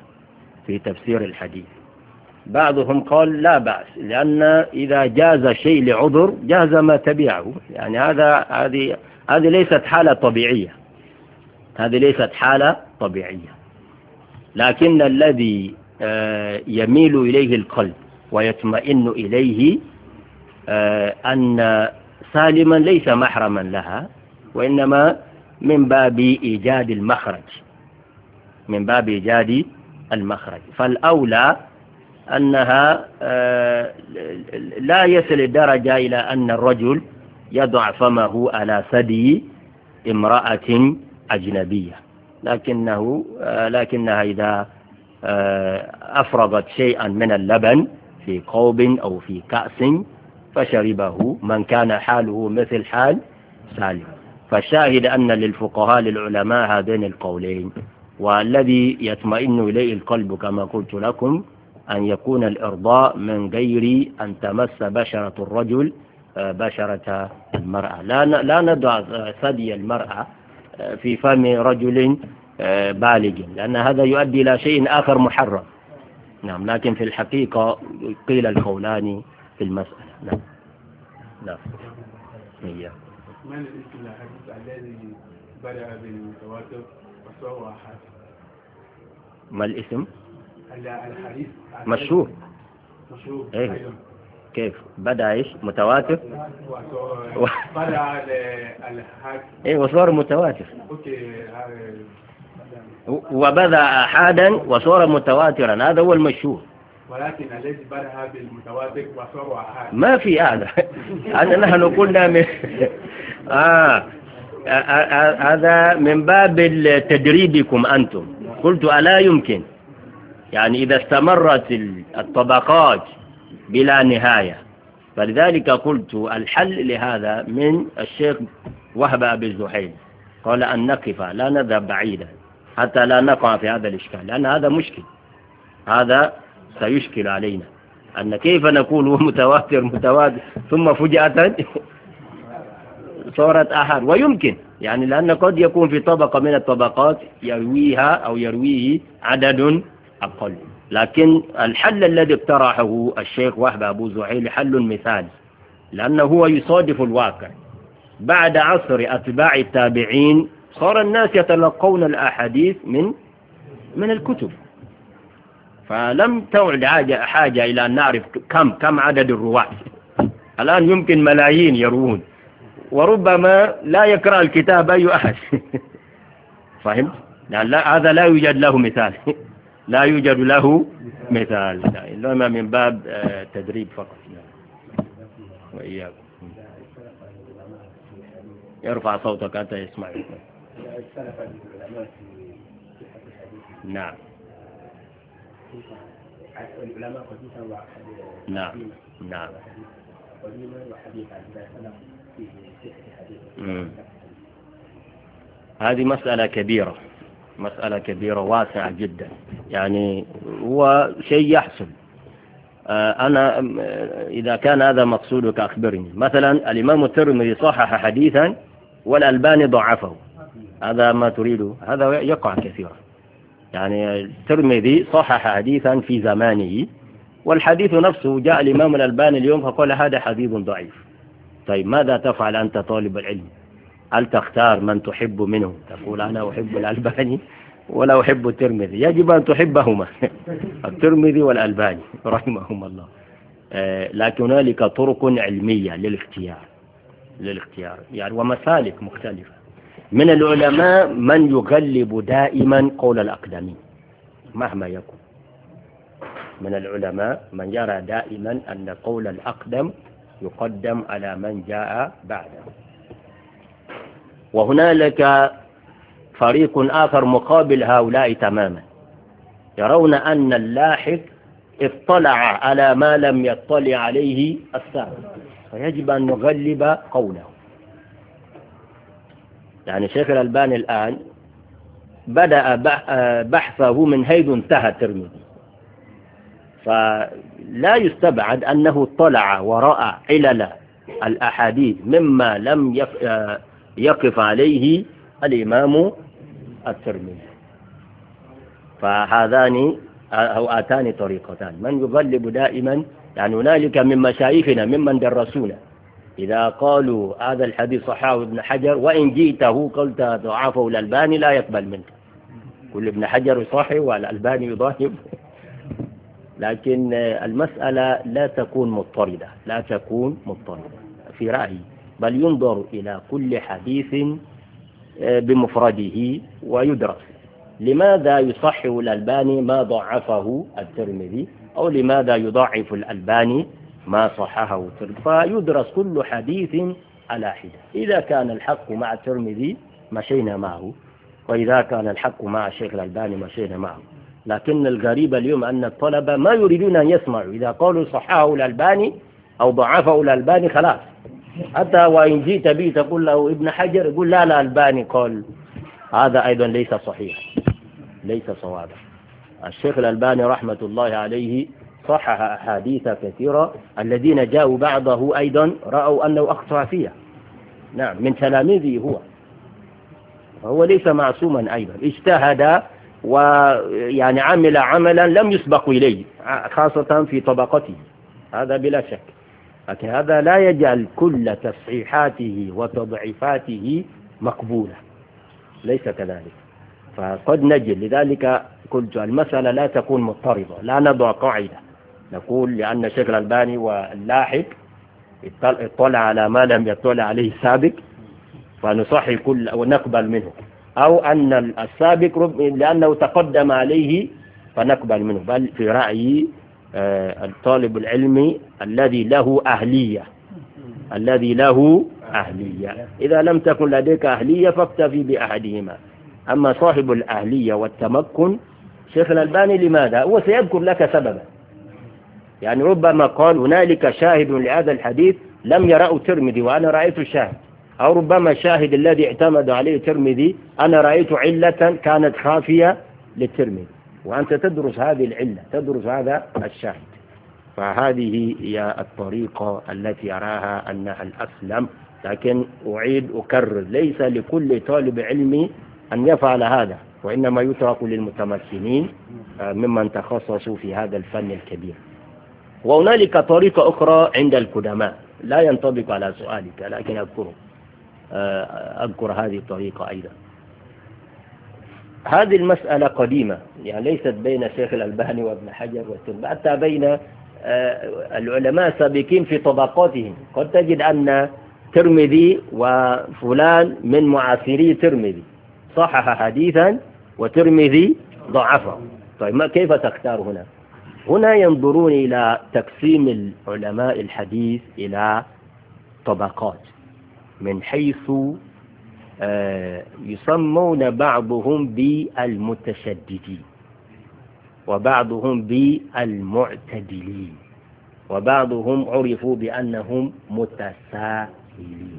في تفسير الحديث بعضهم قال لا بأس لأن إذا جاز شيء لعذر جاز ما تبيعه يعني هذا هذه هذه ليست حالة طبيعية هذه ليست حالة طبيعية لكن الذي آه، يميل إليه القلب ويطمئن إليه آه، أن سالما ليس محرما لها وإنما من باب إيجاد المخرج من باب إيجاد المخرج فالأولى أنها آه، لا يصل الدرجة إلى أن الرجل يضع فمه على ثدي امرأة أجنبية لكنه آه، لكنها إذا أفرغت شيئا من اللبن في قوب أو في كأس فشربه من كان حاله مثل حال سالم فالشاهد أن للفقهاء للعلماء هذين القولين والذي يطمئن إليه القلب كما قلت لكم أن يكون الإرضاء من غير أن تمس بشرة الرجل آه، بشرة المرأة لا لا نضع ثدي المرأة آه، في فم رجل آه، بالغ لأن هذا يؤدي إلى شيء آخر محرم نعم لكن في الحقيقة قيل القولان في المسألة نعم نعم هي الاسم الحديث الذي بدأ بالمتواتر وصار أحد ما الاسم؟ الحديث مشهور مشهور ايه كيف بدا ايش متواتر بدا الحديث ايه وصار متواتر اوكي وبدا آحادا وصار متواترا هذا هو المشهور ولكن اليس بدأ بالمتواتر وصار آحادا ما في هذا نحن قلنا من آه،, آه،, آه،, آه هذا من باب تدريبكم أنتم قلت ألا يمكن يعني إذا استمرت الطبقات بلا نهاية فلذلك قلت الحل لهذا من الشيخ وهب أبي الزحيم قال أن نقف لا نذهب بعيدا حتى لا نقع في هذا الإشكال لأن هذا مشكل هذا سيشكل علينا أن كيف نقول متواتر متواتر ثم فجأة صورة أحد ويمكن يعني لأن قد يكون في طبقة من الطبقات يرويها أو يرويه عدد أقل لكن الحل الذي اقترحه الشيخ وهب أبو زعيل حل مثالي لأنه هو يصادف الواقع بعد عصر أتباع التابعين صار الناس يتلقون الأحاديث من من الكتب فلم تعد حاجة, حاجة إلى أن نعرف كم كم عدد الرواة الآن يمكن ملايين يروون وربما لا يقرأ الكتاب أي أحد *laughs* فهمت؟ لا هذا لا يوجد له مثال *laughs* لا يوجد له مثال إنما من باب آه، تدريب فقط وإياكم يرفع صوتك أنت يسمعك اختلف العلماء في صحة الحديث نعم العلماء حديثا وحديثا نعم نعم قديما وحديثا في صحة الحديث هذه مسألة كبيرة مسألة كبيرة واسعة جدا يعني هو شيء يحصل آه، أنا آه، إذا كان هذا مقصودك أخبرني مثلا الإمام الترمذي صحح حديثا والألباني ضعفه هذا ما تريده هذا يقع كثيرا يعني الترمذي صحح حديثا في زمانه والحديث نفسه جاء الإمام الألباني اليوم فقال هذا حديث ضعيف طيب ماذا تفعل أنت طالب العلم هل تختار من تحب منه تقول أنا أحب الألباني ولا أحب الترمذي يجب أن تحبهما الترمذي والألباني رحمهما الله آه، لكن هنالك طرق علمية للاختيار للاختيار يعني ومسالك مختلفة من العلماء من يغلب دائما قول الأقدمين مهما يكن من العلماء من يرى دائما أن قول الأقدم يقدم على من جاء بعده وهنالك فريق آخر مقابل هؤلاء تماما يرون أن اللاحق اطلع على ما لم يطلع عليه السابق فيجب أن نغلب قوله يعني شيخ الألباني الآن بدأ بحثه من حيث انتهى الترمذي فلا يستبعد أنه طلع ورأى علل الأحاديث مما لم يقف عليه الإمام الترمذي فهذان أو آتان طريقتان من يغلب دائما يعني هنالك من مشايخنا ممن درسونا إذا قالوا هذا الحديث صحاه ابن حجر وإن جئته قلت ضعافه الألباني لا يقبل منك كل ابن حجر يصحي والألباني يضاهب لكن المسألة لا تكون مضطردة لا تكون مضطردة في رأيي بل ينظر إلى كل حديث آه، بمفرده ويدرس لماذا يصحي الألباني ما ضعفه الترمذي أو لماذا يضعف الألباني ما صححه الترمذي فيدرس كل حديث على حدة إذا كان الحق مع الترمذي مشينا معه وإذا كان الحق مع الشيخ الألباني مشينا معه لكن الغريب اليوم أن الطلبة ما يريدون أن يسمعوا إذا قالوا صححه الألباني أو ضعفه الألباني خلاص حتى وإن جئت به تقول له ابن حجر يقول لا لا الألباني قال هذا أيضا ليس صحيحا ليس صوابا الشيخ الألباني رحمة الله عليه صحح أحاديث كثيرة الذين جاءوا بعضه أيضا رأوا أنه أخطأ فيها نعم من تلاميذه هو هو ليس معصوما أيضا اجتهد ويعني عمل عملا لم يسبق إليه خاصة في طبقته هذا بلا شك لكن هذا لا يجعل كل تصحيحاته وتضعيفاته مقبولة ليس كذلك فقد نجد لذلك قلت المسألة لا تكون مضطربة لا نضع قاعدة نقول لأن الشيخ الألباني واللاحق اطلع على ما لم يطلع عليه السابق فنصحي كل ونقبل منه أو أن السابق لأنه تقدم عليه فنقبل منه بل في رأيي آه، الطالب العلمي الذي له أهلية الذي له أهلية إذا لم تكن لديك أهلية فاكتفي بأحدهما أما صاحب الأهلية والتمكن شيخ الألباني لماذا هو سيذكر لك سببا يعني ربما قال هنالك شاهد لهذا الحديث لم يراه ترمذي وأنا رأيت الشاهد أو ربما الشاهد الذي اعتمد عليه ترمذي أنا رأيت علة كانت خافية للترمذي وأنت تدرس هذه العلة تدرس هذا الشاهد فهذه هي الطريقة التي أراها أنها الأسلم لكن أعيد أكرر ليس لكل طالب علم أن يفعل هذا وإنما يترك للمتمكنين آه، ممن تخصصوا في هذا الفن الكبير وهنالك طريقة أخرى عند القدماء لا ينطبق على سؤالك لكن أذكره آه، أذكر هذه الطريقة أيضا هذه المسألة قديمة يعني ليست بين شيخ الألباني وابن حجر حتى بين آه، العلماء السابقين في طبقاتهم قد تجد أن ترمذي وفلان من معاصري ترمذي صحح حديثا وترمذي ضعفه طيب ما كيف تختار هنا هنا ينظرون إلى تقسيم العلماء الحديث إلى طبقات من حيث آه، يسمون بعضهم بالمتشددين وبعضهم بالمعتدلين وبعضهم عرفوا بأنهم متساهلين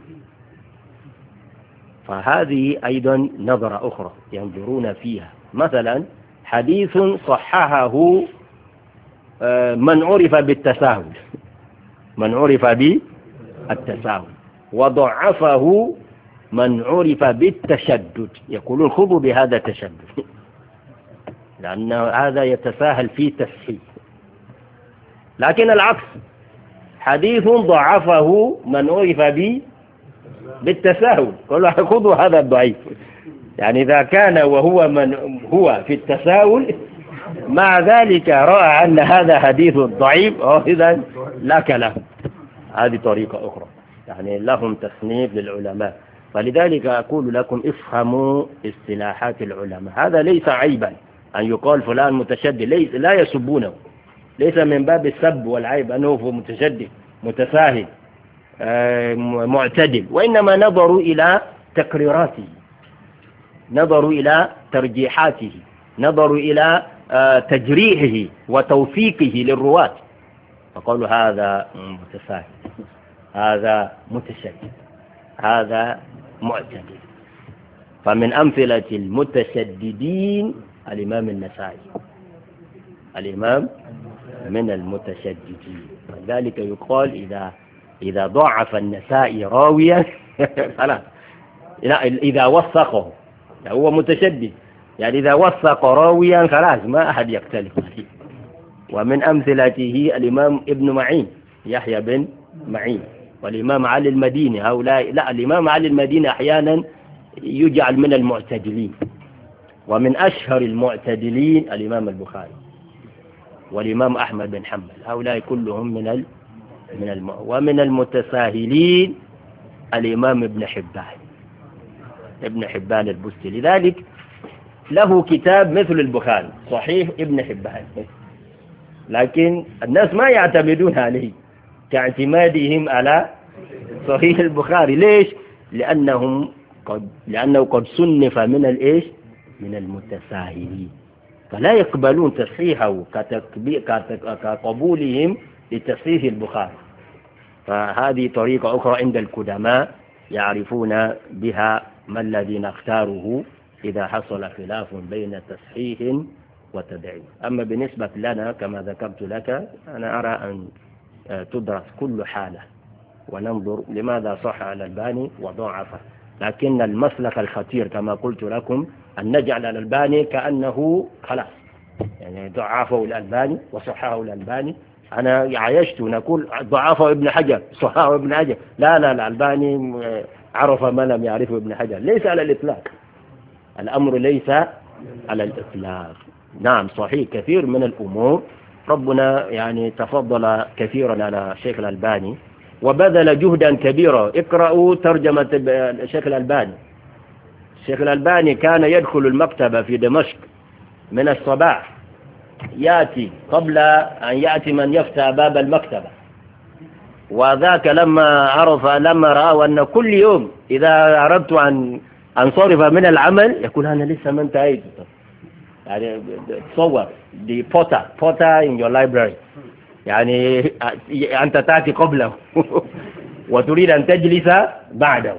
فهذه أيضا نظرة أخرى ينظرون فيها مثلا حديث صححه آه، من عرف بالتساهل من عرف بالتساهل وضعفه من عرف بالتشدد يقولون خذوا بهذا التشدد *laughs* لأن هذا يتساهل في تسهيل لكن العكس حديث ضعفه من عرف به بالتساهل قالوا خذوا هذا الضعيف يعني إذا كان وهو من هو في التساهل مع ذلك رأى أن هذا حديث ضعيف أه، إذا لا كلام هذه طريقة أخرى يعني لهم تصنيف للعلماء فلذلك أقول لكم افهموا اصطلاحات العلماء هذا ليس عيبا أن يقال فلان متشدد ليس لا يسبونه ليس من باب السب والعيب أنه هو متشدد متساهل آه، معتدل وإنما نظروا إلى تقريراته نظروا إلى ترجيحاته نظروا إلى آه، تجريحه وتوفيقه للرواة فقالوا هذا متساهل هذا متشدد هذا معتدل فمن أمثلة المتشددين الإمام النسائي الإمام من المتشددين ذلك يقال إذا إذا ضعف النسائي راويا *laughs* خلاص إذا وثقه هو متشدد يعني إذا وثق راويا خلاص ما أحد يختلف عليه ومن أمثلته الإمام ابن معين يحيى بن معين والإمام علي المديني هؤلاء لا الإمام علي المديني أحيانا يجعل من المعتدلين ومن أشهر المعتدلين الإمام البخاري والإمام أحمد بن حنبل هؤلاء كلهم من ال... من الم... ومن المتساهلين الإمام ابن حبان ابن حبان البستي لذلك له كتاب مثل البخاري صحيح ابن حبان لكن الناس ما يعتمدون عليه كاعتمادهم على صحيح البخاري ليش لأنهم قد لأنه قد صنف من الإيش من المتساهلين فلا يقبلون تصحيحه كقبولهم لتصحيح البخاري فهذه طريقة أخرى عند القدماء يعرفون بها ما الذي نختاره إذا حصل خلاف بين تصحيح وتدعيم أما بالنسبة لنا كما ذكرت لك أنا أرى أن آه، تدرس كل حالة وننظر لماذا صح على الباني وضعفه لكن المسلك الخطير كما قلت لكم أن نجعل الألباني كأنه خلاص يعني ضعفه الألباني وصحاه الألباني أنا عايشت ونقول ضعفه ابن حجر صحاه ابن حجر لا لا الألباني آه، عرف ما لم يعرفه ابن حجر ليس على الإطلاق الأمر ليس على الإطلاق نعم صحيح كثير من الأمور ربنا يعني تفضل كثيرا على الشيخ الألباني وبذل جهدا كبيرا اقرأوا ترجمة الشيخ الألباني الشيخ الألباني كان يدخل المكتبة في دمشق من الصباح يأتي قبل أن يأتي من يفتح باب المكتبة وذاك لما عرف لما رأوا أن كل يوم إذا أردت أن أنصرف من العمل يقول أنا لسه ما انتهيت يعني تصور دي بوتا بوتا ان يور لايبراري يعني أنت تأتي قبله *laughs* وتريد أن تجلس بعده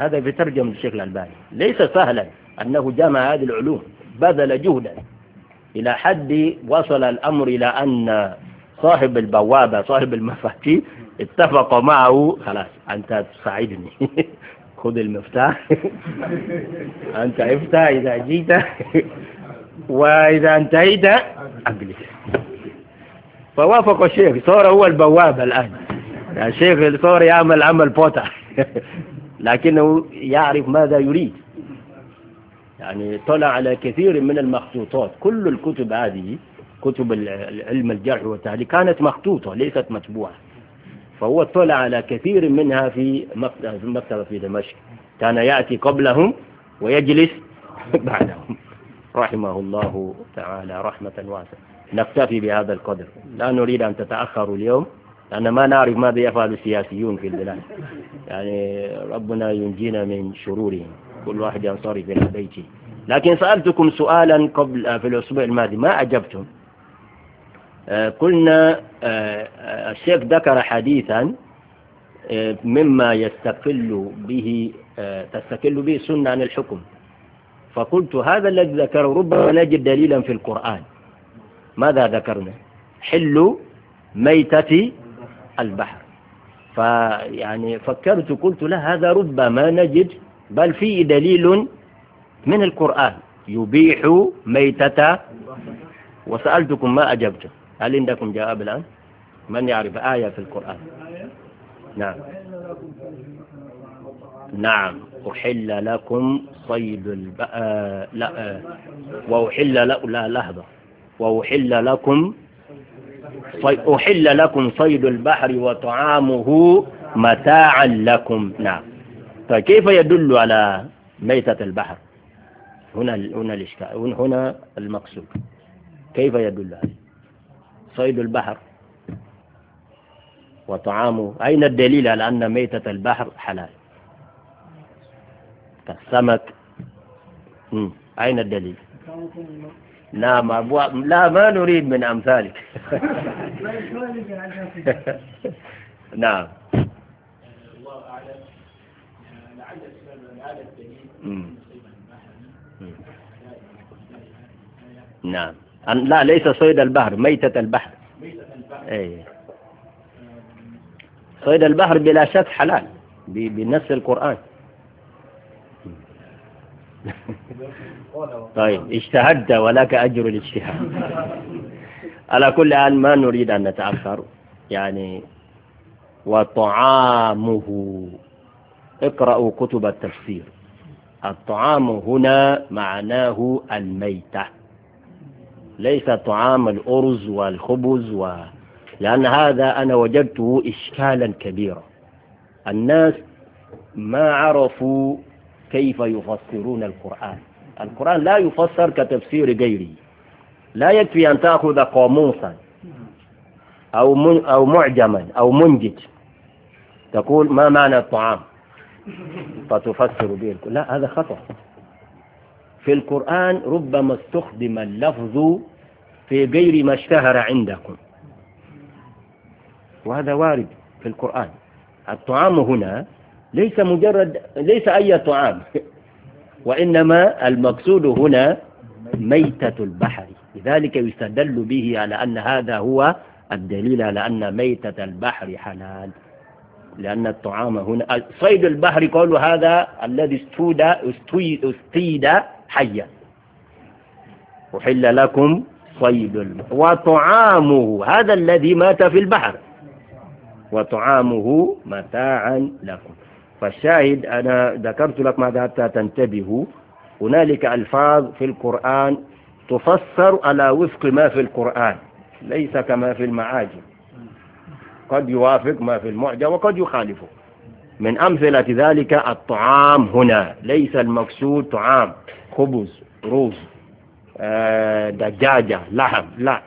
هذا بترجم الشيخ الألباني ليس سهلا أنه جمع هذه العلوم بذل جهدا إلى حد وصل الأمر إلى أن صاحب البوابة صاحب المفاتيح اتفق معه خلاص أنت تساعدني *laughs* خذ المفتاح *laughs* أنت افتح إذا جيت *laughs* وإذا انتهيت أجلس فوافق الشيخ صار هو البواب الآن يعني الشيخ صار يعمل عمل بوتا *laughs* لكنه يعرف ماذا يريد يعني طلع على كثير من المخطوطات كل الكتب هذه كتب العلم الجرح والتهذيب كانت مخطوطة ليست مطبوعة فهو اطلع على كثير منها في مكتبة في دمشق كان يأتي قبلهم ويجلس *laughs* بعدهم رحمه الله تعالى رحمة واسعة نكتفي بهذا القدر لا نريد أن تتأخروا اليوم لأن ما نعرف ماذا يفعل السياسيون في البلاد يعني ربنا ينجينا من شرورهم كل واحد ينصرف إلى بيته لكن سألتكم سؤالا قبل في الأسبوع الماضي ما أجبتم آه، قلنا آه، آه، الشيخ ذكر حديثا مما يستقل به تستقل به السنة عن الحكم فقلت هذا الذي ذكره ربما نجد دليلا في القرآن ماذا ذكرنا حل ميتة البحر فيعني فكرت قلت له هذا ربما نجد بل فيه دليل من القرآن يبيح ميتة وسألتكم ما أجبتم هل عندكم جواب الآن من يعرف آية في القرآن نعم نعم أحل لكم صيد الب... آه... لا آه... وأحل لكم لا لحظة وأحل لكم صي... أحل لكم صيد البحر وطعامه متاعا لكم نعم فكيف يدل على ميتة البحر هنا هنا الإشكال هنا المقصود كيف يدل عليه صيد البحر وطعامه أين الدليل على أن ميتة البحر حلال كالسمك أين الدليل لا ما بو... لا ما نريد من أمثالك *laughs* نعم الله أعلم لعل نعم لا ليس صيد البحر ميتة البحر أي. صيد البحر بلا شك حلال بنفس القرآن *laughs* طيب اجتهدت ولك أجر الاجتهاد *laughs* على كل حال ما نريد أن نتأخر يعني وطعامه اقرأوا كتب التفسير الطعام هنا معناه الميتة ليس طعام الأرز والخبز و... لأن هذا أنا وجدته إشكالا كبيرا الناس ما عرفوا كيف يفسرون القرآن القرآن لا يفسر كتفسير غيره لا يكفي أن تأخذ قاموسا أو, من أو معجما أو منجد تقول ما معنى الطعام فتفسر به لا هذا خطأ في القرآن ربما استخدم اللفظ في غير ما اشتهر عندكم وهذا وارد في القرآن الطعام هنا ليس مجرد ليس أي طعام وإنما المقصود هنا ميتة البحر لذلك يستدل به على أن هذا هو الدليل على أن ميتة البحر حلال لأن الطعام هنا صيد البحر قالوا هذا الذي استود استيد حيا أحل لكم صيد وطعامه هذا الذي مات في البحر وطعامه متاعا لكم فالشاهد أنا ذكرت لك ماذا حتى تنتبهوا هنالك ألفاظ في القرآن تفسر على وفق ما في القرآن ليس كما في المعاجم قد يوافق ما في المعجم وقد يخالفه من أمثلة ذلك الطعام هنا ليس المقصود طعام خبز رز آه، دجاجة لحم لا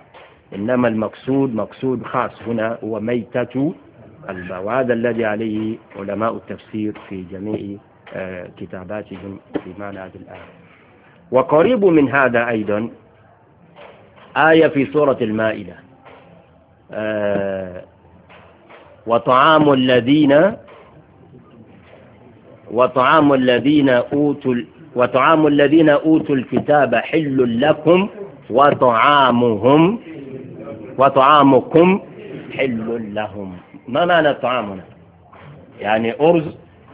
إنما المقصود مقصود خاص هنا هو ميتة البواد وهذا الذي عليه علماء التفسير في جميع آه، كتاباتهم في معنى هذه الآية وقريب من هذا أيضا آية في سورة المائدة آه، وطعام الذين وطعام الذين أوتوا وطعام الذين أوتوا الكتاب حل لكم وطعامهم وطعامكم حل لهم ما معنى طعامنا يعني أرز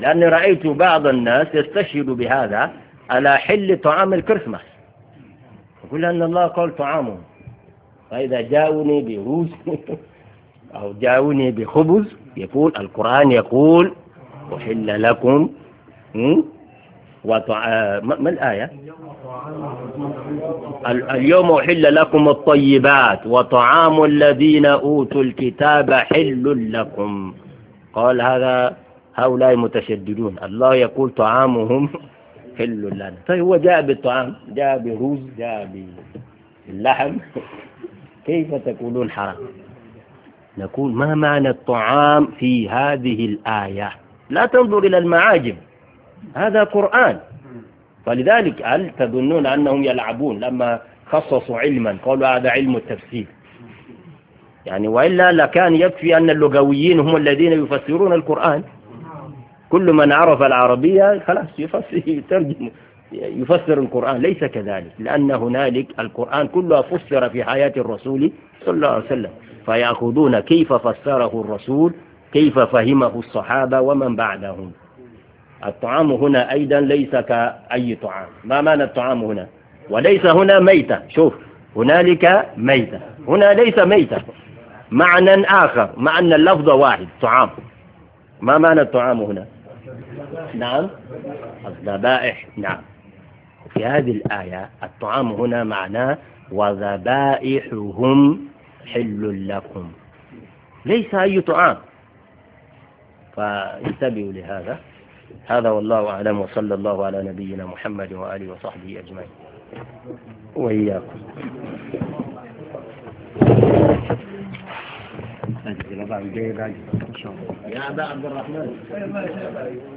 لأني رأيت بعض الناس يستشهد بهذا على حل طعام الكريسماس يقول أن الله قال طعامهم فإذا جاؤني بروز *laughs* أو جاؤني بخبز يقول القرآن يقول أحل لكم آه، ما الآية اليوم أحل لكم الطيبات وطعام الذين أوتوا الكتاب حل لكم قال هذا هؤلاء متشددون الله يقول طعامهم *laughs* حل لنا طيب هو جاء بالطعام جاء بروز جاء باللحم *laughs* كيف تقولون حرام نقول ما معنى الطعام في هذه الآية لا تنظر إلى المعاجم هذا قرآن فلذلك هل تظنون أنهم يلعبون لما خصصوا علما قالوا هذا علم التفسير يعني وإلا لكان يكفي أن اللغويين هم الذين يفسرون القرآن كل من عرف العربية خلاص يفسر يترجم يفسر القرآن ليس كذلك لأن هنالك القرآن كله فسر في حياة الرسول صلى الله عليه وسلم فيأخذون كيف فسره الرسول كيف فهمه الصحابة ومن بعدهم الطعام هنا أيضا ليس كأي طعام ما معنى الطعام هنا وليس هنا ميتة شوف هنالك ميتة هنا ليس ميتة معنى آخر مع أن اللفظ واحد طعام ما معنى الطعام هنا نعم الذبائح نعم في هذه الآية الطعام هنا معناه وذبائحهم حل لكم ليس أي طعام فانتبهوا لهذا هذا والله أعلم وصلى الله على نبينا محمد وآله وصحبه أجمعين وإياكم يا أبا عبد الرحمن